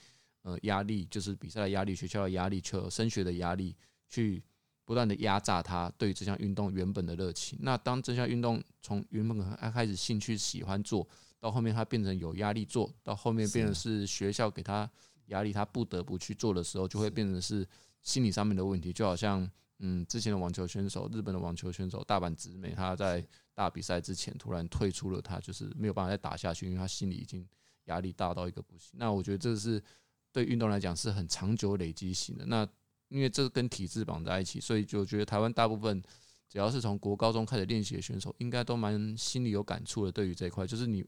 Speaker 1: 呃壓力，就是比賽的壓力、學校的壓力、求升學的壓力，去不斷的壓榨他對這項運動原本的熱情。那當這項運動從原本他開始興趣喜歡做到後面，他變成有壓力，做到後面變成是學校給他壓力，他不得不去做的時候，就會變成是心理上面的問題，是啊、就好像。嗯，之前的網球選手，日本的網球選手大阪直美，她在大比賽之前突然退出了他，她就是沒有辦法再打下去，因為她心裡已經壓力大到一個不行。那我覺得這個是對運動來講是很長久累積型的。那因為這個跟體制綁在一起，所以就覺得台灣大部分只要是從國高中開始練習的選手，應該都蠻心裡有感觸的。對於這一塊，就是你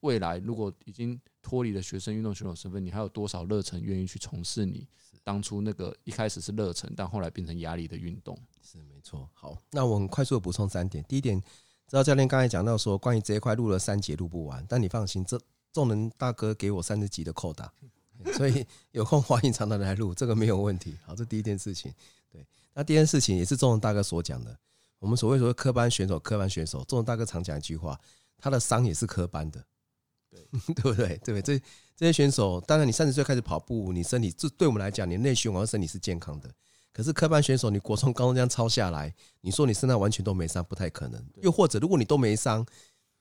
Speaker 1: 未來如果已經脫離了學生運動選手身份，你還有多少熱忱願意去從事你，當初那個一開始是熱忱，但後來變成壓力的運動，是沒錯。好，
Speaker 2: 那我們快速補充三點。第一點，知道教練剛才講到說，關於這一塊錄了三節錄不完，但你放心，這眾人大哥給我三十集的扣打，所以有空歡迎常常來錄，這個沒有問題。好，這第一件事情。對，那第二件事情也是眾人大哥所講的，我們所謂所謂科班選手，科班選手，眾人大哥常講一句話，他的傷也是科班的。對，對不對？對不對？這這些選手，當然你三十歲開始跑步，你身體這對我們來講，你的內循環身體是健康的。可是科班選手，你國中、高中這樣抄下來，你說你身上完全都沒傷，不太可能。對又或者，如果你都沒傷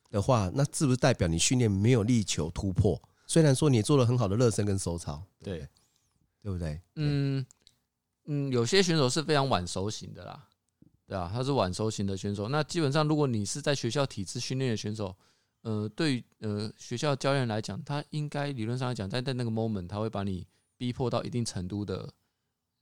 Speaker 2: 的話，那是不是代表你訓練沒有力求突破？雖然說你做了很好的熱身跟收操，對,對，對,對不
Speaker 1: 對？對嗯嗯，有些選手是非常晚熟型的啦，對啊，他是晚熟型的選手。那基本上，如果你是在學校體制訓練的選手。呃，對於，呃，學校教練來講，他應該理論，上來講，在在那個 moment，他會把你逼迫到一定程度的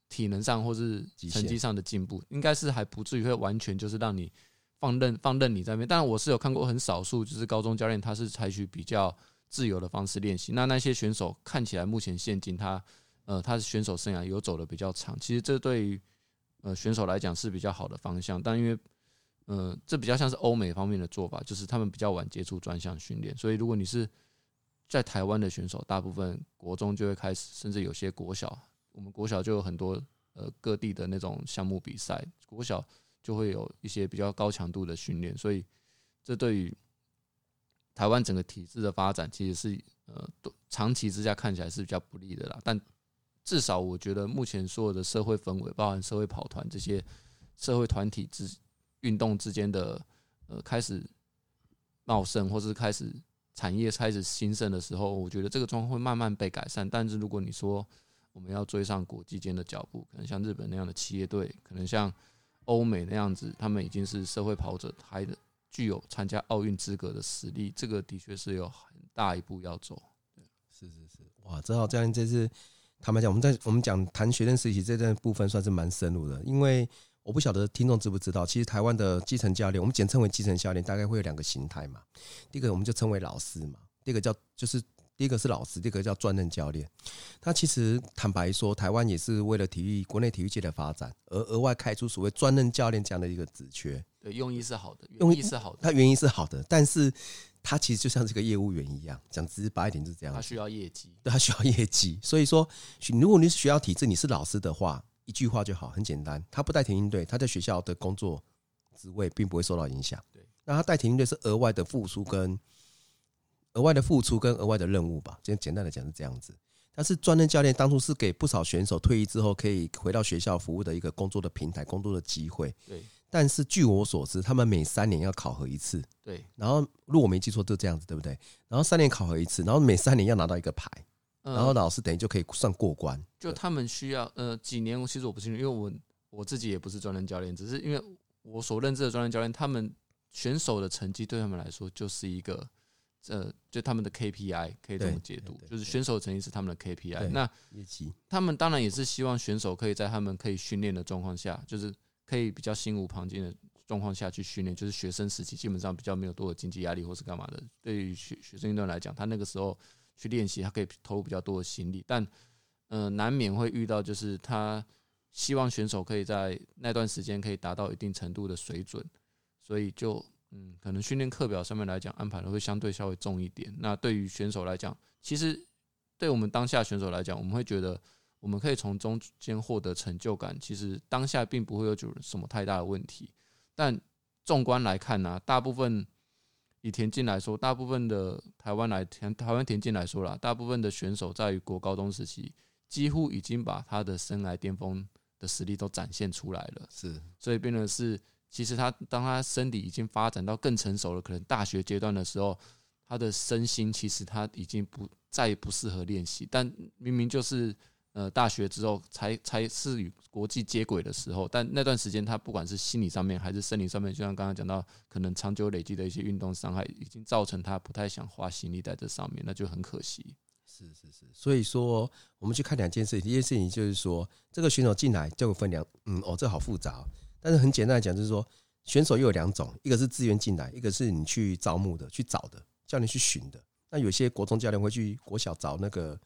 Speaker 1: 體能上，或是成績上的進步，極限。應該是還不至於會完全就是讓你放任，放任你在那邊。當然，我是有看過很少數，就是高中教練他是採取比較自由的方式練習。那那些選手看起來目前現今他，呃，他的選手生涯有走得比較長，其實，這對於呃選手來講是比較好的方向。但因為嗯、呃，這比較像是歐美方面的做法，就是他們比較晚接觸專項訓練。所以如果你是在台灣的選手，大部分國中就會開始，甚至有些國小，我們國小就有很多呃各地的那種項目比賽，國小就會有一些比較高強度的訓練。所以這對於台灣整個體制的發展，其實是呃長期之下看起來是比較不利的啦。但至少我覺得目前所有的社會氛圍，包含社會跑團這些社會團體制運動之間的呃開始茂盛，或是開始產業開始興盛的時候，我覺得這個狀況會慢慢被改善。但是如果你說我們要追上國際間的腳步，可能像日本那樣的企業隊，可能像歐美那樣子，他們已經是社會跑者，還的具有參加奧運資格的實力，這個的確是有很大一步要走。對，是是是，
Speaker 2: 哇，真好，教練，這次坦白講，我們在我們講談學生時期這段部分算是蠻深入的，因為。我不曉得聽眾知不知道，其實台灣的基層教練，我們簡稱為基層教練，大概會有兩個形態嘛。第一個我們就稱為老師嘛，第一個叫就是第一個是老師，第一個叫專任教練。他其實坦白說，台灣也是為了體育，國內體育界的發展，而額外開出所謂專任教練這樣的一個職缺。
Speaker 1: 對，用意是好的，用意是好的，他
Speaker 2: 原因是好的，但是他其實就像這個業務員一樣，講直白一點就是這樣他。他需要業績，對，他需要業績，所以說，如果你是學校體制，你是老師的話，一句話就好，很簡單。他不帶田徑隊，他在學校的工作職位並不會受到影響。對，那他帶田徑隊是額外的付出跟額外的付出跟額外的任務吧？簡簡單的講是這樣子。但是，專任教練當初是給不少選手退役之後可以回到學校服務的一個工作的平台，工作的機會。
Speaker 1: 對。
Speaker 2: 但是，據我所知，他們每三年要考核一次。對。然後，如果我沒記錯，就這樣子，對不對？然後三年考核一次，然後每三年要拿到一個牌。然後老師等於就可以算過關，嗯，
Speaker 1: 就他們需要呃、嗯、幾年，我其實我不清楚，因為我我自己也不是專任教練，只是因為我所認知的專任教練，他們選手的成績對他們來說就是一個，呃，就他們的 KPI 可以怎麼解讀，就是選手的成績是他們的 KPI 那。那他們當然也是希望選手可以在他們可以訓練的狀況下，就是可以比較心無旁騖的狀況下去訓練，就是學生時期基本上比較沒有多的經濟壓力或是幹嘛的，對於學學生運動員來講，他那個時候。去練習，他可以投入比較多的心力，但，呃，難免會遇到，就是他希望選手可以在那段時間可以達到一定程度的水準，所以就，嗯，可能訓練課表上面來講安排的會相對稍微重一點。那對於選手來講，其實對我們當下選手來講，我們會覺得我們可以從中間獲得成就感，其實當下並不會有就什麼太大的問題。但縱觀來看呢、啊，大部分。以田徑來說，大部分的台灣來台灣田徑來說啦，大部分的選手在於國高中時期，幾乎已經把他的生涯巔峰的實力都展現出來了。是，所以變得是，其實他當他身體已經發展到更成熟了，可能大學階段的時候，他的身心其實他已經不再不適合練習，但明明就是。呃，大學之後才才是與國際接軌的時候，但那段時間他不管是心理上面還是生理上面，就像剛剛講到，可能長久累積的一些運動傷害，已經造成他不太想花心力在這上面，那就很可惜。是
Speaker 2: 是是，所以說我們去看兩件事，一件事情就是說這個選手進來就會分兩，嗯，哦，這好複雜喔，但是很簡單講就是說選手又有兩種，一個是自願進來，一個是你去招募的、去找的、叫你去尋的。那有些國中教練會去國小找那個，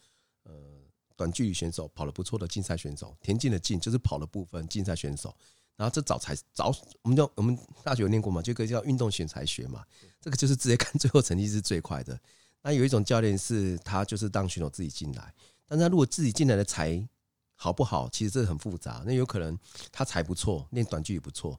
Speaker 2: 呃。短距離選手跑得不錯的徑賽選手，田徑的“徑”就是跑的部分徑賽選手。然後這早才早，我們叫我們大學有念過嘛，這個叫運動選材學嘛。這個就是直接看最後成績是最快的。那有一種教練是他就是當選手自己進來，但是他如果自己進來的才好不好，其實這很複雜。那有可能他才不錯，練短距離不錯。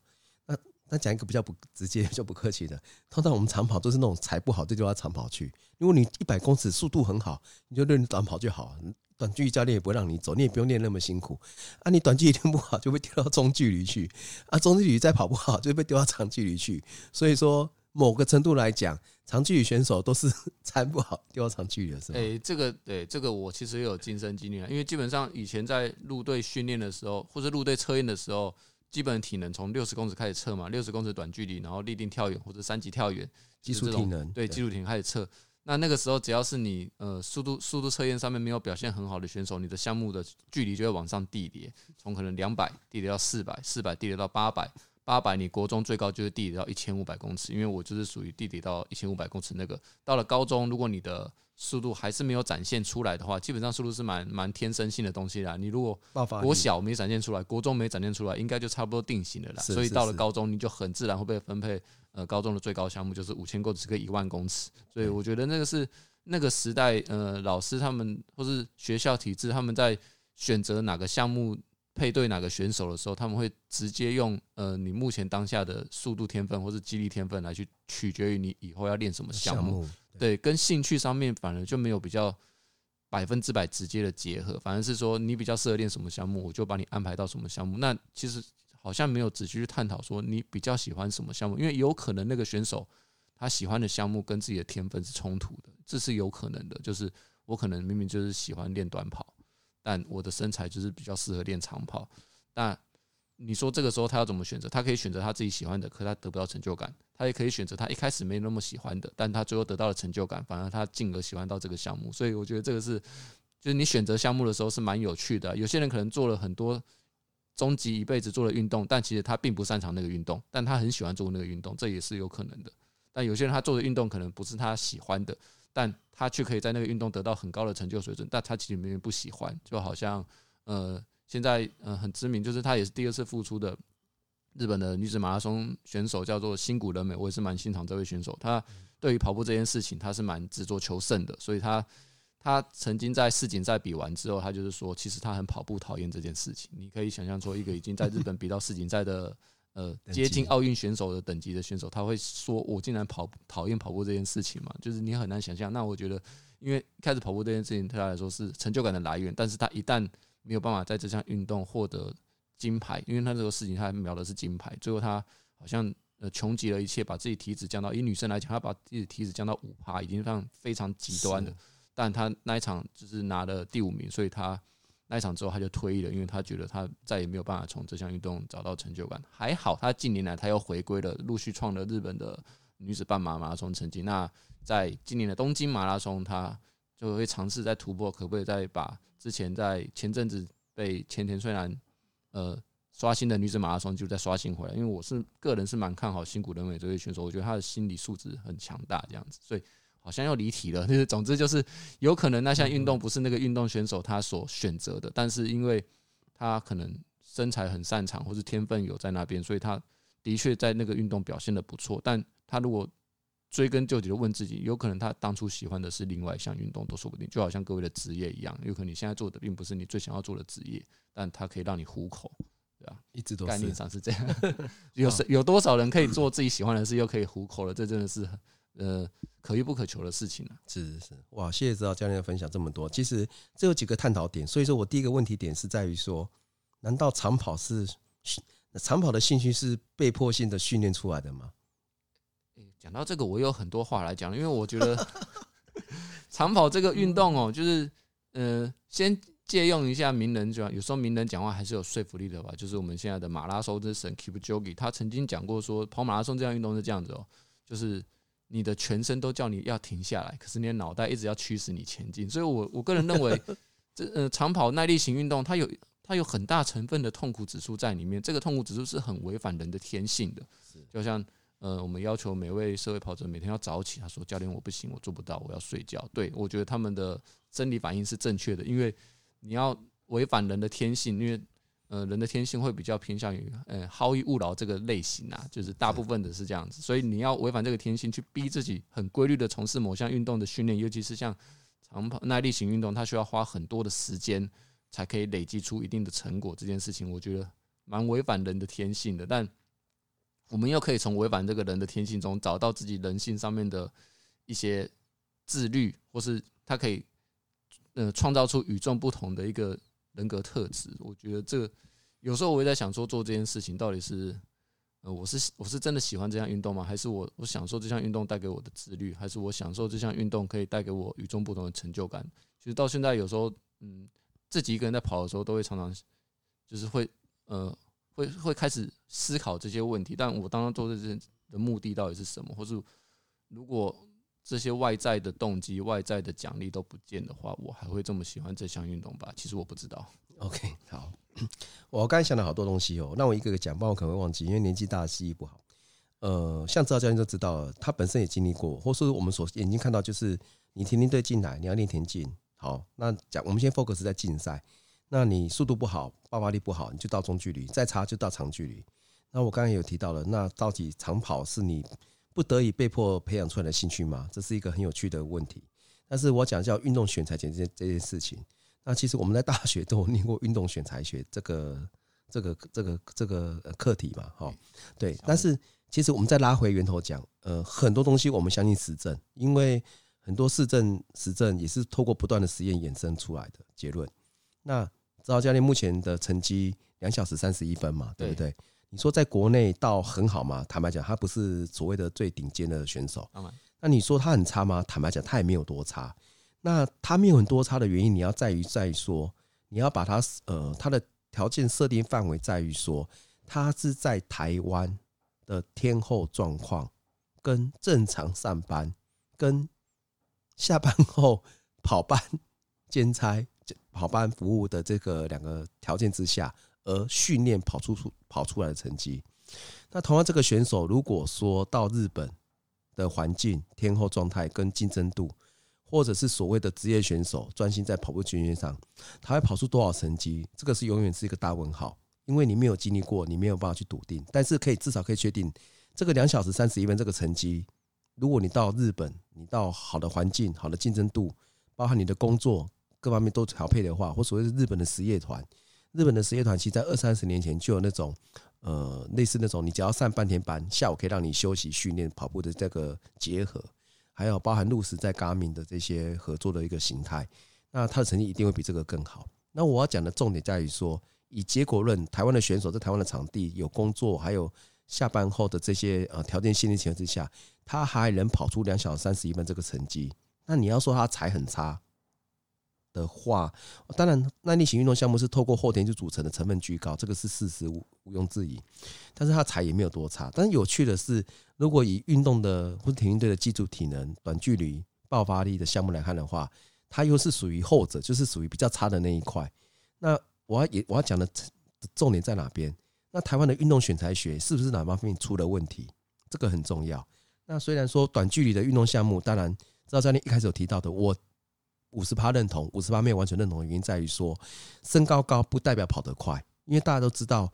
Speaker 2: 那講一個比較不直接就不客氣的，通常我們長跑都是那種才不好就丟到長跑去。如果你一百公尺速度很好，你就練短跑就好，短距離教練也不會讓你走，你也不用練那麼辛苦。啊，你短距離練不好就會丟到中距離去，啊，中距離再跑不好就會丟到長距離去。所以說，某個程度來講，長距離選手都是才不好丟到長距離的是嗎？欸、
Speaker 1: 這個對、欸，這個我其實也有親身經歷，因為基本上以前在入隊訓練的時候，或者入隊測驗的時候。基本的體能從六十公尺開始測嘛，六十公尺短距離，然後立定跳遠或者三級跳遠，基礎體能，對，基礎體能開始測。對那那個時候，只要是你呃速度速度測驗上面沒有表現很好的選手，你的項目的距離就會往上遞疊，從可能兩百遞疊到四百，四百遞疊到八百。八百，800，你國中最高就是地理到一千五百公尺，因為我就是屬於地理到一千五百公尺那個。到了高中，如果你的速度還是沒有展現出來的話，基本上速度是蠻蠻天生性的東西的啦。你如果國小沒展現出來，國中沒展現出來，應該就差不多定型了啦。所以到了高中，你就很自然會被分配呃，高中的最高項目就是五千公尺跟一萬公尺。所以我覺得那個是那個時代呃老師他們或是學校體制他們在選擇哪個項目，配對哪個選手的時候，他們會直接用呃，你目前當下的速度天分或是肌力天分來去取決於你以後要練什麼項目，項目，對，跟興趣上面反而就沒有比較百分之百直接的結合，反而是說你比較適合練什麼項目，我就把你安排到什麼項目。那其實好像沒有仔細去探討說你比較喜歡什麼項目，因為有可能那個選手他喜歡的項目跟自己的天分是衝突的，這是有可能的。就是我可能明明就是喜歡練短跑，但我的身材就是比較適合練長跑，那你說這個時候他要怎麼選擇？他可以選擇他自己喜歡的，可他得不到成就感；他也可以選擇他一開始沒那麼喜歡的，但他最後得到了成就感，反而他進而喜歡到這個項目。所以我覺得這個是，就是你選擇項目的時候是蠻有趣的啊。有些人可能做了很多終極一輩子做的運動，但其實他並不擅長那個運動，但他很喜歡做那個運動，這也是有可能的。但有些人他做的運動可能不是他喜歡的。但他卻可以在那個運動得到很高的成就水準，但他其實明明不喜歡，就好像，呃，現在呃很知名，就是他也是第二次復出的日本的女子馬拉松選手，叫做新谷仁美，我也是蠻欣賞這位選手，他對於跑步這件事情，他是蠻執着求勝的，所以他他曾經在世錦賽比完之後，他就是說，其實他很跑步討厭這件事情，你可以想象出一個已經在日本比到世錦賽的。 呃，接近奧運選手的等級的選手，他會說我竟然跑討厭跑步這件事情嘛？就是你很難想象。那我覺得，因為開始跑步這件事情對他來說是成就感的來源，但是他一旦沒有辦法在這項運動獲得金牌，因為他這個事情他瞄的是金牌，最後他好像呃窮極了一切，把自己體脂降到以女生來講，他把自己的體脂降到五趴，已經算非常極端的。是但他那一場就是拿了第五名，所以他。那一場之後他就退役了，因為他覺得他再也沒有辦法從這項運動找到成就感。還好，他近年來他又回歸了，陸續創了日本的女子半馬馬拉松成績。那在今年的東京馬拉松，他就會嘗試再突破，可不可以再把之前在前陣子被前田雖然呃刷新的女子馬拉松，就再刷新回來。因為我是個人是蠻看好新谷仁美這些選手，我覺得他的心理素質很強大，這樣子，所以。好像要離題了，就是總之就是有可能那項運動不是那個運動選手他所選擇的，但是因為他可能身材很擅長，或是天分有在那邊，所以他的確在那個運動表現得不錯。但他如果追根究底的問自己，有可能他當初喜歡的是另外一項運動都說不定，就好像各位的職業一樣，有可能你現在做的並不是你最想要做的職業，但他可以讓你糊口，對吧？一直都是概念上是這樣，有、 哦、有多少人可以做自己喜歡的事又可以糊口了？這真的是。呃，可遇不可求的事情了、啊。是是是，
Speaker 2: 哇，謝謝指導教練分享這麼多。其實這有幾個探討點，所以說我第一個問題點是在於說，難道長跑是長跑的興趣是被迫性的訓練出來的嗎？
Speaker 1: 誒講到這個，我有很多話來講，因為我覺得 長跑這個運動哦，就是呃，先借用一下名人講，有時候名人講話還是有說服力的吧。就是我們現在的馬拉松之神 Kipchoge，他曾經講過說，跑馬拉松這項運動是這樣子哦，就是。你的全身都叫你要停下來，可是你的腦袋一直要驅使你前進。所以我，我我個人認為這，這呃長跑耐力型運動，它有它有很大成分的痛苦指數在裡面。這個痛苦指數是很違反人的天性的。就像呃我們要求每位社會跑者每天要早起，他說教練我不行，我做不到，我要睡覺。對，我覺得他們的生理反應是正確的，因為你要違反人的天性，因為。呃，人的天性會比較偏向於呃“好逸惡勞”這個類型啊，就是大部分的是這樣子。對所以你要違反這個天性，去逼自己很規律的從事某項運動的訓練，尤其是像長跑耐力型運動，它需要花很多的時間才可以累積出一定的成果。這件事情我覺得蠻違反人的天性的，但我們又可以從違反這個人的天性中找到自己人性上面的一些自律，或是它可以呃創造出與眾不同的一個。人格特質，我覺得這個有時候我也在想說做這件事情到底是，呃，我是我是真的喜歡這項運動嗎？還是我我享受這項運動帶給我的自律？還是我享受這項運動可以帶給我與眾不同的成就感？其實到現在，有時候，嗯，自己一個人在跑的時候，都會常常就是會，呃，會會開始思考這些問題。但我當中做這件的目的到底是什麼？或是如果？這些外在的動機、外在的獎勵都不見的話，我還會這麼喜歡這項運動吧？其實我不知道。OK，好，
Speaker 2: 我剛才想了好多東西哦，喔，那我一個個講，不然我可能會忘記，因為年紀大，記憶不好。呃，像趙教練都知道了，他本身也經歷過，或是我們所眼睛看到，就是你田徑隊進來，你要練田徑。好，那講我們先 focus 在競賽，那你速度不好，爆發力不好，你就到中距離，再差就到長距離。那我剛才有提到了，那到底長跑是你不得已被迫培養出來的興趣嗎？這是一個很有趣的問題。但是我講一下運動選材這件這件事情。那其實我們在大學都念過運動選材學這個這個這個這個課題嘛，哈，對。但是其實我們再拉回源頭講，呃，很多東西我們相信實證，因為很多實證實證也是透過不斷的實驗衍生出來的結論。那趙教練目前的成績兩小時三十一分嘛，對不對？對你說在國內倒很好嗎？坦白講，他不是所謂的最頂尖的選手。那你說他很差嗎？坦白講，他也沒有多差。那他沒有很多差的原因，你要在於在於說，你要把他呃他的條件設定範圍在於說，他是在台灣的天候狀況跟正常上班跟下班後跑班兼差跑班服務的這個兩個條件之下。而訓練跑出出跑出來的成績，那同樣這個選手如果說到日本的環境、天候、狀態跟競爭度，或者是所謂的職業選手專心在跑步訓練上，他會跑出多少成績？這個是永遠是一個大問號，因為你沒有經歷過，你沒有辦法去篤定。但是可以至少可以確定，這個兩小時三十一分這個成績，如果你到日本，你到好的環境、好的競爭度，包含你的工作各方面都調配的話，或所謂的日本的實業團。日本的實業團其實，在二三十年前就有那種，呃，類似那種，你只要上半天班，下午可以讓你休息、訓練、跑步的這個結合，還有包含路時在 Garmin 的這些合作的一個形態，那他的成績一定會比這個更好。那我要講的重點在於說，以結果論，台灣的選手在台灣的場地有工作，還有下班後的這些呃、啊、條件限定情況之下，他還能跑出兩小時三十一分這個成績，那你要說他才很差？的話，當然耐力型運動項目是透過後天就組成的，成分居高，這個是事實，毋庸置疑。但是他才也沒有多差。但是有趣的是，如果以運動的或是田徑隊的基礎體能、短距離爆發力的項目來看的話，它又是屬於後者，就是屬於比較差的那一塊。那我要也我要講的重點在哪邊？那台灣的運動選材學是不是哪方面出了問題？這個很重要。那雖然說短距離的運動項目，當然趙教練一開始有提到的，我。五十趴認同，五十趴沒有完全認同的原因在於說，身高高不代表跑得快，因為大家都知道，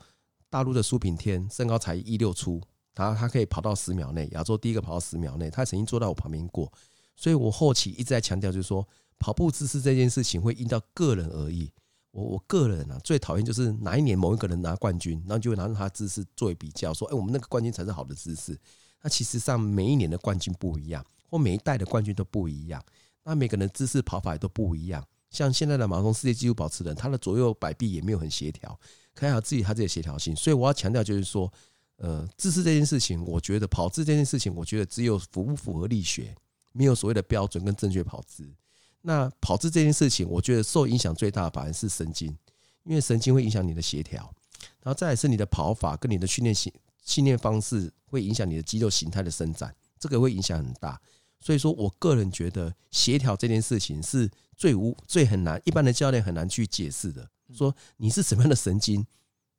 Speaker 2: 大陸的蘇炳添身高才一六出，他他可以跑到十秒內，亞洲第一個跑到十秒內。他曾經坐在我旁邊過，所以我後期一直在強調，就是說跑步姿勢這件事情會因到個人而異。我我個人啊最討厭就是哪一年某一個人拿冠軍，然後就會拿他的姿勢作為比較說，說、欸、哎我們那個冠軍才是好的姿勢。那其實上每一年的冠軍不一樣，或每一代的冠軍都不一樣。那每個人姿勢跑法也都不一樣，像現在的馬拉松世界紀錄保持人，他的左右擺臂也沒有很協調，看好自己他這個協調性。所以我要強調就是說，呃，姿勢這件事情，我覺得跑姿這件事情，我覺得只有符不符合力學，沒有所謂的標準跟正確跑姿。那跑姿這件事情，我覺得受影響最大的反而是神經，因為神經會影響你的協調，然後再來是你的跑法跟你的訓練訓訓練方式會影響你的肌肉形態的伸展，這個會影響很大。所以說我個人覺得協調這件事情是最無最很難，一般的教練很難去解釋的。說你是什麼樣的神經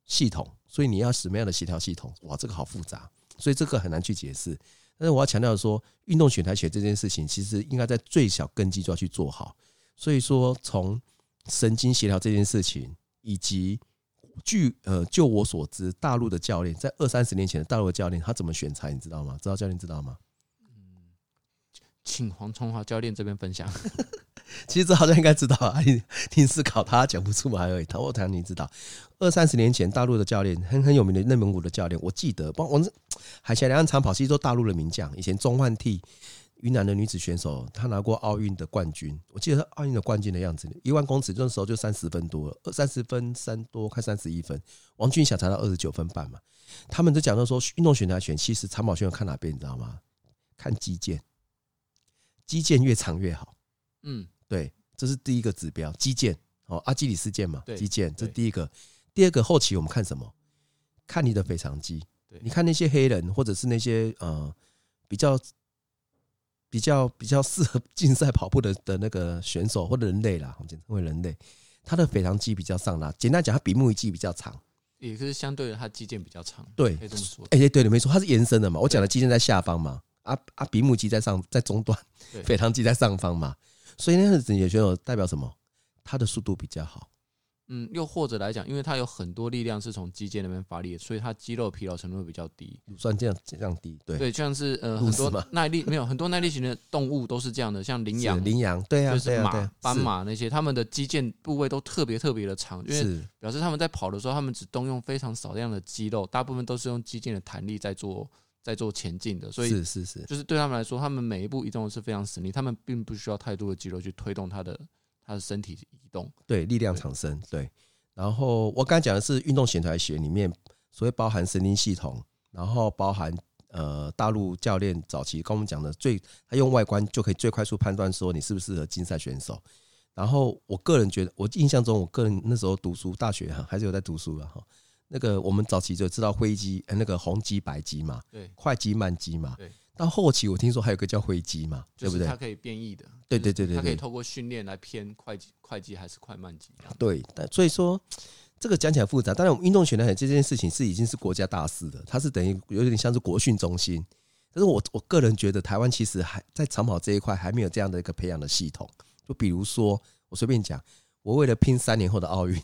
Speaker 2: 系統，所以你要什麼樣的協調系統？哇，這個好複雜，所以這個很難去解釋。但是我要強調的說，運動選材學這件事情，其實應該在最小根基就要去做好。所以說，從神經協調這件事情，以及據呃就我所知，大陸的教練在二三十年前的大陸的教練，他怎麼選材，你知道嗎？知道教練知道嗎？
Speaker 1: 請黃崇華教練這邊分享。
Speaker 2: 其實這好像應該知道啊你，你思考他講不出來而已。但我一你知道，二三十年前大陸的教練很很有名的，內蒙古的教練，我記得，包括我們海峽兩岸長跑其實都大陸的名將。以前中煥替雲南的女子選手，她拿過奧運的冠軍，我記得奧運的冠軍的樣子，一萬公尺那時候就三十分多，二三十分三多，快三十一分。王軍霞才到二十九分半嘛。他們就講到說，運動選材選其實長跑選手看哪邊，你知道嗎？看肌腱。肌腱越長越好，嗯，對，這是第一個指標。肌腱，哦，阿基里斯腱嘛，對，肌腱，這是第一個。對第二個後期我們看什麼？看你的腓腸肌。對，你看那些黑人，或者是那些呃比較比較比較適合競賽跑步的的那個選手或者人類啦，我們簡稱為人類，他的腓腸肌比較上拉。簡單講，他比目魚肌比較長，
Speaker 1: 也就是相對於他肌腱比較長。對，哎，欸、對
Speaker 2: 了，沒錯，它是延伸的嘛。我講的肌腱在下方嘛。阿阿比目肌在上，在中段，腓腸肌在上方嘛，所以那樣子也就代表什麼？他的速度比較好。
Speaker 1: 嗯，又或者來講，因為他有很多力量是從肌腱那邊發力，所以它肌肉疲勞程度比較低，嗯、算酸
Speaker 2: 這樣降低。對對，像是呃很多
Speaker 1: 耐力沒有很多耐力型的動物都是這樣的，像羚羊、羚羊對啊，就是馬、啊啊啊、斑馬那些，是他們的肌腱部位都特別特別的長，是因為表示他們在跑的時候，他們只動用非常少量的肌肉，大部分都是用肌腱的彈力在做在做前進的，所以是是是，就是對他們來說，他們每一步移動的是非常省力，他們並不需要太多的肌肉去推動他的他的身體移動。
Speaker 2: 對，力量產生對。然後我剛才講的是運動形態學裡面，所謂包含神經系統，然後包含呃大陸教練早期跟我們講的最，他用外觀就可以最快速判斷說你適不適合競賽選手。然後我個人覺得，我印象中，我個人那時候讀書大學哈，還是有在讀書的哈。那個我們早期就知道灰肌、那個紅肌、白肌嘛，對，快肌、慢肌嘛，對。到後期我聽說還有一個叫灰肌嘛，對不對？它可以變異的對，對對對對。它可以透
Speaker 1: 過訓練來偏快肌、快肌還是快慢肌。
Speaker 2: 對，但所以說這個講起來複雜。當然，我們運動選的這件事情是已經是國家大事的，它是等於有點像是國訓中心。但是我我個人覺得，台灣其實還在長跑這一塊還沒有這樣的一個培養的系統。就比如說，我隨便講，我為了拼三年後的奧運，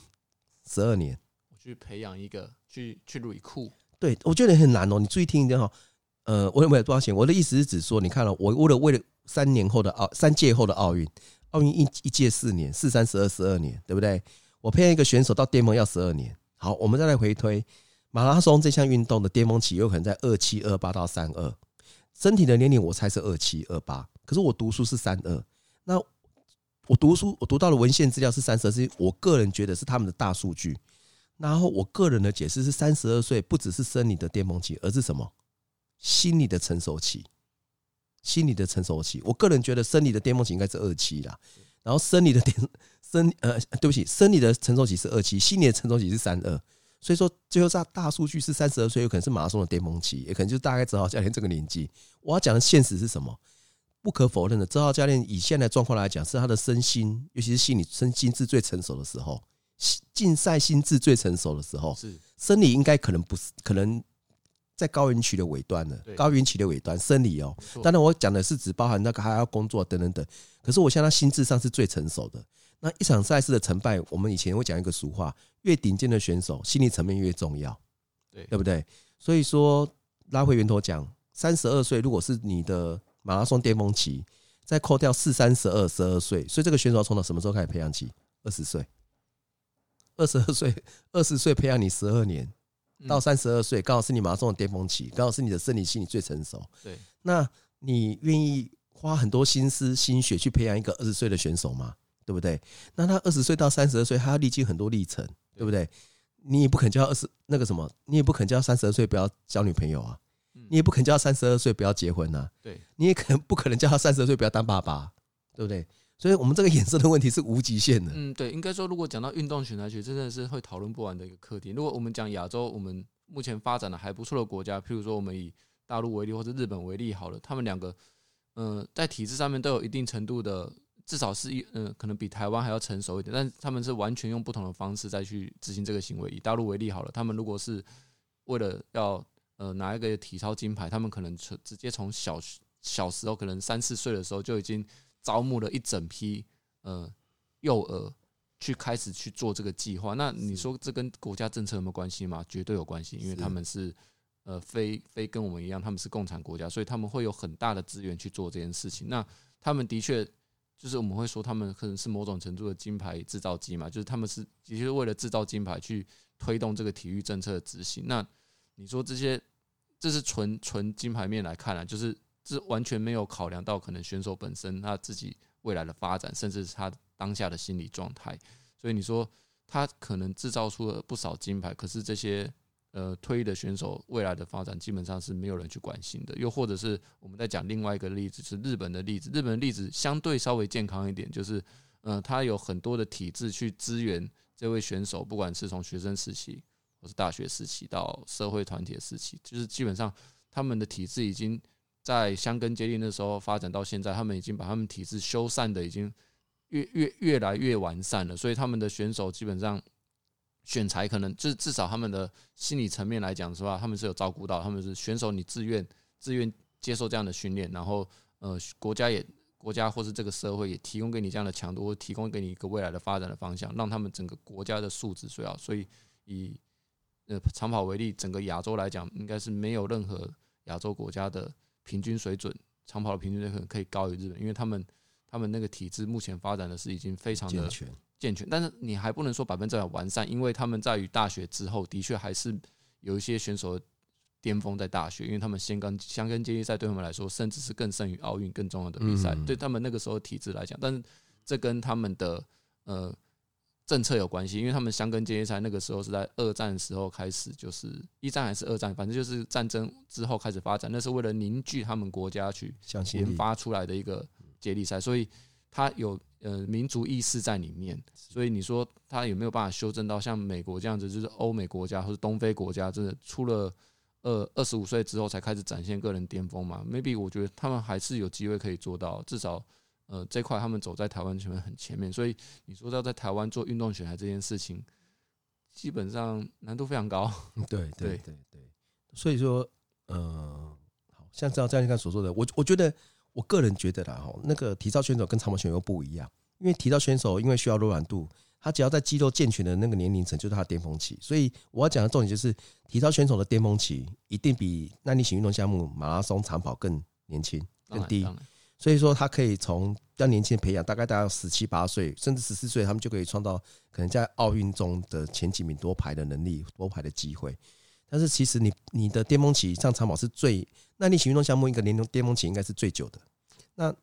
Speaker 2: 十二年。
Speaker 1: 去培養一個，去去壘庫，
Speaker 2: 對我覺得很難哦、喔。你注意聽一點哈、喔，呃，我有沒有多少錢，我的意思是指說，你看了、喔、我為了為了三年後的奧三屆後的奧運，奧運一一屆四年，四三十二十二年，對不對？我培養一個選手到巔峰要十二年。好，我們再來回推馬拉松這項運動的巔峰期有可能在二七二八到三二，身體的年齡我猜是二七二八，可是我讀書是三二。那我讀書我讀到的文獻資料是三十二，是我個人覺得是他們的大數據。然後，我個人的解釋是，三十二歲不只是生理的巔峰期，而是什麼？心理的成熟期。心理的成熟期，我個人覺得生理的巔峰期應該是二期啦。然後生理的巔生呃，對不起，生理的成熟期是二期，心理的成熟期是三二。所以說，最後大大數據是三十二歲，有可能是馬拉松的巔峰期，也可能就大概哲浩教練這個年紀。我要講的現實是什麼？不可否認的，哲浩教練以現在狀況來講，是他的身心，尤其是心理、身心智最成熟的時候。競賽心智最成熟的時候，是生理應該可能不是可能在高原期的尾端了。高原期的尾端生理哦、喔，當然我講的是只包含那個還要工作等等等。可是我現在心智上是最成熟的。那一場賽事的成敗，我們以前會講一個俗話：越頂尖的選手，心理層面越重要，對不對？所以說拉回源頭講，三十二歲如果是你的馬拉松巔峰期，再扣掉四三十二十二歲，所以這個選手從到什麼時候開始培養起？二十歲。二十二歲，二十歲培養你十二年，到三十二歲剛好是你馬拉松的巔峰期，剛好是你的生理心理最成熟。對，那你願意花很多心思心血去培養一個二十歲的選手嗎？對不對？那他二十歲到三十二歲他要歷經很多歷程，對不對？你也不肯叫二十那個什麼，你也不肯叫三十二歲不要交女朋友啊，嗯、你也不肯叫三十二歲不要結婚啊，對你也可能不可能叫他三十二歲不要當爸爸、啊，對不對？所以，我們這個顏色的問題是無極限的。
Speaker 1: 嗯，對，應該說，如果講到運動選材其實真的是會討論不完的一個課題。如果我們講亞洲，我們目前發展的還不錯的國家，譬如說我們以大陸為例，或者日本為例，好了，他們兩個，嗯、呃，在體制上面都有一定程度的，至少是一，嗯、呃，可能比台灣還要成熟一點，但是他們是完全用不同的方式再去執行這個行為。以大陸為例，好了，他們如果是為了要呃拿一個體操金牌，他們可能直接從小小時候、哦、可能三四歲的時候就已經。招募了一整批呃幼兒去開始去做這個計劃，那你說這跟國家政策有沒有關係嗎？絕對有關係，因為他們是，是呃非非跟我們一樣，他們是共產國家，所以他們會有很大的資源去做這件事情。那他們的確就是我們會說，他們可能是某種程度的金牌製造機嘛，就是他們是的確是為了製造金牌去推動這個體育政策的執行。那你說這些，這是純純金牌面來看啊，就是。是完全沒有考量到可能選手本身他自己未來的發展，甚至是他當下的心理狀態。所以你說他可能制造出了不少金牌，可是這些呃退役的選手未來的發展基本上是沒有人去關心的。又或者是我們在講另外一個例子，是日本的例子。日本的例子相對稍微健康一點，就是呃，他有很多的體制去支援這位選手，不管是從學生時期，或是大學時期到社會團體時期，就是基本上他們的體制已經。在箱根接力的時候發展到現在，他們已經把他們體制修繕的已經越越越來越完善了。所以他們的選手基本上選材可能，至至少他們的心理層面來講是吧？他們是有照顧到的，他們是選手，你自願自願接受這樣的訓練，然後呃，國家也國家或是這個社會也提供給你這樣的強度，或提供給你一個未來的發展的方向，讓他們整個國家的素質最好。所以以呃長跑為例，整個亞洲來講，應該是沒有任何亞洲國家的。平均水準，長跑的平均水準可,可以高於日本，因為他們他們那個體制目前發展的是已經非常的健全，健全。但是你還不能說百分之百完善，因為他們在於大學之後，的確還是有一些選手巔峰在大學，因為他們箱根箱根接力賽對他們來說，甚至是更勝於奧運更重要的比賽，嗯、對他們那個時候體制來講。但是這跟他們的呃。政策有關係，因為他們箱根接力賽那個時候是在二戰的時候開始，就是一戰還是二戰，反正就是戰爭之後開始發展。那是為了凝聚他們國家去研發出來的一個接力賽，所以他有呃民族意識在裡面。所以你說他有沒有辦法修正到像美國這樣子，就是歐美國家或者東非國家，真的出了二二十五歲之後才開始展現個人巔峰嘛？Maybe 我覺得他們還是有機會可以做到，至少。呃，這塊他們走在台灣前面，很前面，所以你說要在台灣做運動選材這件事情，基本上難度非常高。對對對對，對
Speaker 2: 對所以說，嗯、呃，好像趙教練剛才所說的，我我覺得我個人覺得啦哈，那個體操選手跟長跑選手又不一樣，因為體操選手因為需要柔軟度，他只要在肌肉健全的那個年齡層就是他的巔峰期。所以我要講的重點就是，體操選手的巔峰期一定比耐力型運動項目馬拉松、長跑更年輕、更低。所以說，他可以從要年輕培養，大概大概十七八歲，甚至十四歲，他們就可以創造可能在奧運中的前幾名奪牌的能力、奪牌的機會。但是其實你你的巔峰期，上長跑是最耐力型運動項目，一個年齡巔峰期應該是最久的。那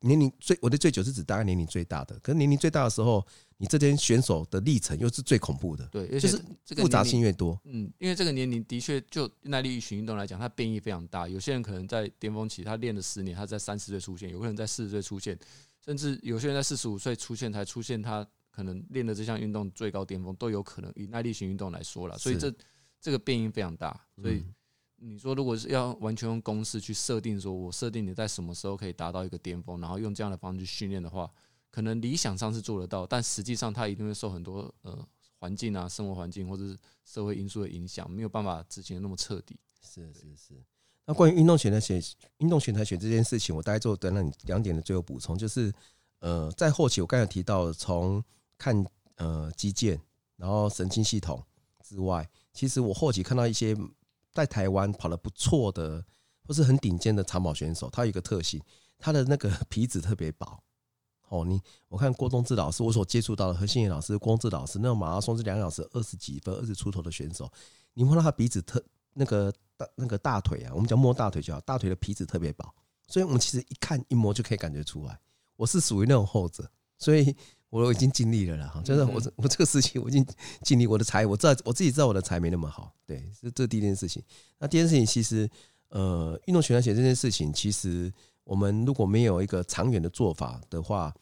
Speaker 2: 年齡最，我的最久是指大概年齡最大的，可是年齡最大的時候，你這邊選手的歷程又是最恐怖的，對，而且這個就是複雜性越多，嗯，
Speaker 1: 因為這個年齡的確就耐力型運動來講，它變異非常大。有些人可能在巔峰期，他練了十年，他在三十歲出現，有可能在四十歲出現，甚至有些人在四十五歲出現才出現，他可能練的這項運動最高巔峰都有可能。以耐力型運動來說了，所以這是這個變異非常大，所以、嗯。你說，如果是要完全用公式去設定，說我設定你在什麼時候可以達到一個巔峰，然後用這樣的方式去訓練的話，可能理想上是做得到，但實際上它一定會受很多呃環境啊、生活環境或者社會因素的影響，沒有辦法執行的那麼徹底。是是是。是是
Speaker 2: 是對那關於運動選材選運動選材選這件事情，我大概做等等兩點的最後補充，就是呃在後期我剛才有提到從看呃肌腱，然後神經系統之外，其實我後期看到一些。在台灣跑得不錯的，或是很頂尖的長跑選手，他有一個特性，他的那個皮脂特別薄。哦，你我看郭宗志老師，我所接觸到的何心怡老師、光志老師，那種馬拉松是兩小時二十幾分、二十出頭的選手，你摸到他鼻子特那個大那個大腿啊，我們講摸大腿就好，大腿的皮脂特別薄，所以我們其實一看一摸就可以感覺出來。我是屬於那種後者，所以。我已經盡力了啦。哈，就是我我這個事情我已經盡力，我的才我知道我自己知道我的才沒那麼好，對，這這第一件事情。那第一件事情其實，呃，運動選手寫這件事情，其實我們如果沒有一個長遠的做法的話，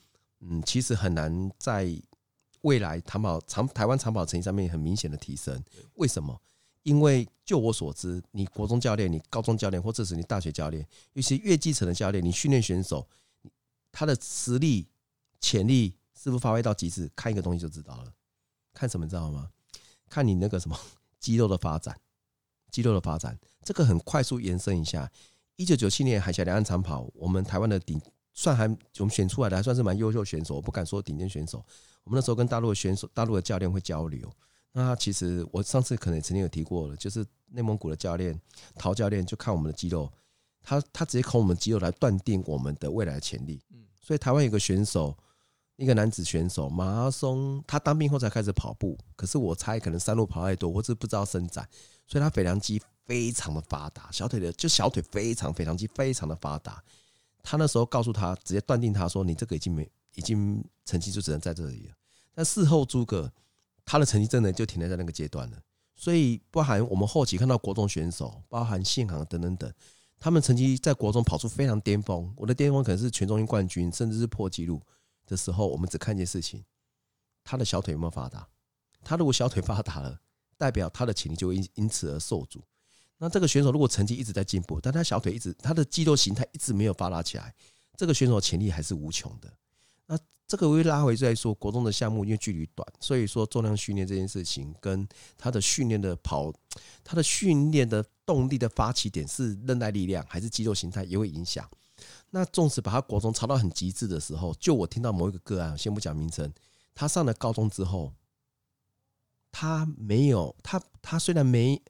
Speaker 2: 嗯，其實很難在未來長跑長台灣長跑成績上面很明顯的提升。為什麼？因為就我所知，你國中教練、你高中教練，或者是你大學教練，尤其越基層的教練，你訓練選手，他的實力潛力。是不是發揮到極致？看一個東西就知道了。看什麼？知道嗎？看你那個什麼肌肉的發展，肌肉的發展，這個很快速延伸一下。一九九七年海峽兩岸長跑，我們台灣的頂算還我們選出來的還算是蠻優秀選手，我不敢說頂尖選手。我們那時候跟大陸的選手、大陸的教練會交流。那他其實我上次可能也曾經有提過了，就是內蒙古的教練陶教練就看我們的肌肉，他他直接靠我們肌肉來斷定我們的未來的潛力。嗯，所以台灣有個選手。一個男子選手馬拉松，他當兵後才開始跑步，可是我猜可能山路跑太多，或是不知道伸展，所以他腓腸肌非常的發達，小腿的就小腿非常腓腸肌非常的發達。他那時候告訴他，直接斷定他說：“你這個已經沒，已經成績就只能在這裡了。”但事後諸葛他的成績真的就停留在那個階段了。所以包含我們後期看到國中選手，包含信航等等等，他們成績在國中跑出非常巔峰。我的巔峰可能是全中運冠軍，甚至是破紀錄。的時候，我們只看一件事情，他的小腿有沒有發達？他如果小腿發達了，代表他的潛力就會因因此而受阻。那這個選手如果成績一直在進步，但他小腿一直，他的肌肉形態一直沒有發達起來，這個選手潛力還是無窮的。那這個我又拉回再說國中的項目，因為距離短，所以說重量訓練這件事情跟他的訓練的跑，他的訓練的動力的發起點是韌帶力量還是肌肉形態也會影響。那縱使把他國中炒到很極致的時候，就我聽到某一個個案，我先不講名稱，他上了高中之後，他沒有他他雖然沒，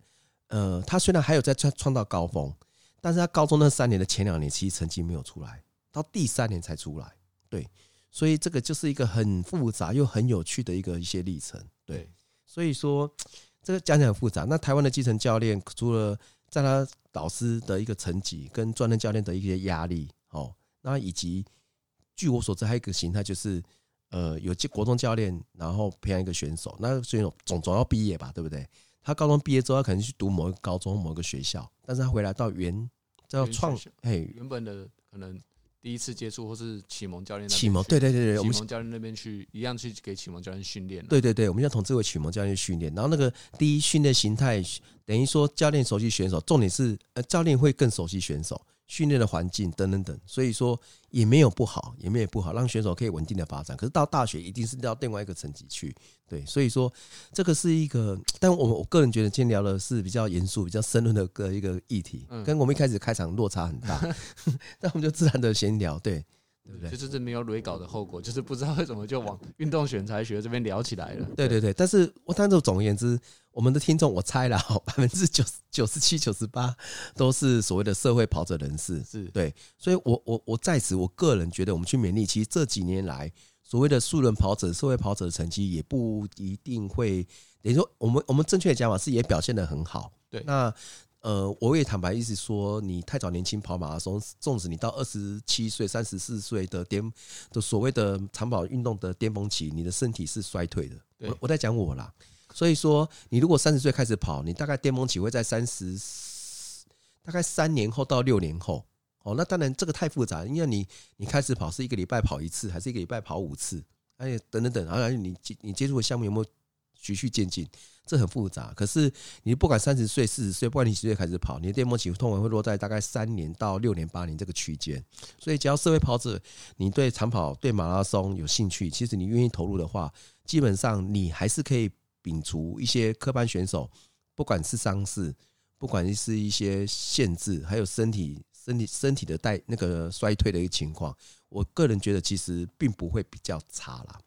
Speaker 2: 呃，他雖然還有在創創造高峰，但是他高中那三年的前兩年，其實成績沒有出來，到第三年才出來，對，所以這個就是一個很複雜又很有趣的一個一些歷程，對，所以說這個講講很複雜。那台灣的基層教練，除了在他導師的一個成績跟專任教練的一些壓力。哦，那以及據我所知，還有一個形態就是，呃，有些國中教練，然後培養一個選手。那選手總總要畢業吧，對不對？他高中畢業之後，他可能去讀某一個高中、某一個學校，但是他回來到原、到創，嘿，
Speaker 1: 原本的可能第一次接觸或是啟蒙教練，啟蒙，對對對對，啟蒙教練那邊去，去一樣去給啟蒙教練訓練。對
Speaker 2: 對對，我們要同這位啟蒙教練去訓練。然後那個第一訓練形態，等於說教練熟悉選手，重點是呃，教練會更熟悉選手。訓練的環境等等等，所以說也沒有不好，也沒有不好，讓選手可以穩定的發展。可是到大學一定是到另外一個層級去，對，所以說這個是一個，但我我個人覺得今天聊的是比較嚴肅、比較深入的一個一個議題，嗯、跟我們一開始開場落差很大，那、嗯、 我們就自然的閒聊，對
Speaker 1: 對不對？就是沒有雷稿的後果，就是不知道為什麼就往運動選材學這邊聊起來了。
Speaker 2: 對，對對對，但是我但是總而言之。我們的聽眾，我猜了，百分之九十九十七、九十八都是所謂的社會跑者人士，是對，所以，我我我在此，我個人覺得，我們去勉勵，其實這幾年來，所謂的素人跑者、社會跑者的成績，也不一定會，等於說，我們我們正確的講法是，也表現得很好。對，那呃，我也坦白，意思說，你太早年輕跑馬拉松，縱使你到二十七歲、三十四歲的巔，的所謂的長跑運動的巔峰期，你的身體是衰退的。我對 我在講我啦。所以說，你如果三十歲開始跑，你大概巔峰期會在三十，大概三年後到六年後。哦，那當然這個太複雜，因為你你開始跑是一個禮拜跑一次，還是一個禮拜跑五次？而且等等等，而且你接你接觸的項目有沒有循序漸進？這很複雜。可是你不管三十歲、四十歲，不管你幾歲開始跑，你的巔峰期通常會落在大概三年到六年、八年這個區間。所以，只要社會跑者，你對長跑、對馬拉松有興趣，其實你願意投入的話，基本上你還是可以。摒除一些科班選手，不管是傷勢，不管是一些限制，還有身體、身體、身體的帶那個衰退的一個情況，我個人覺得其實並不會比較差啦，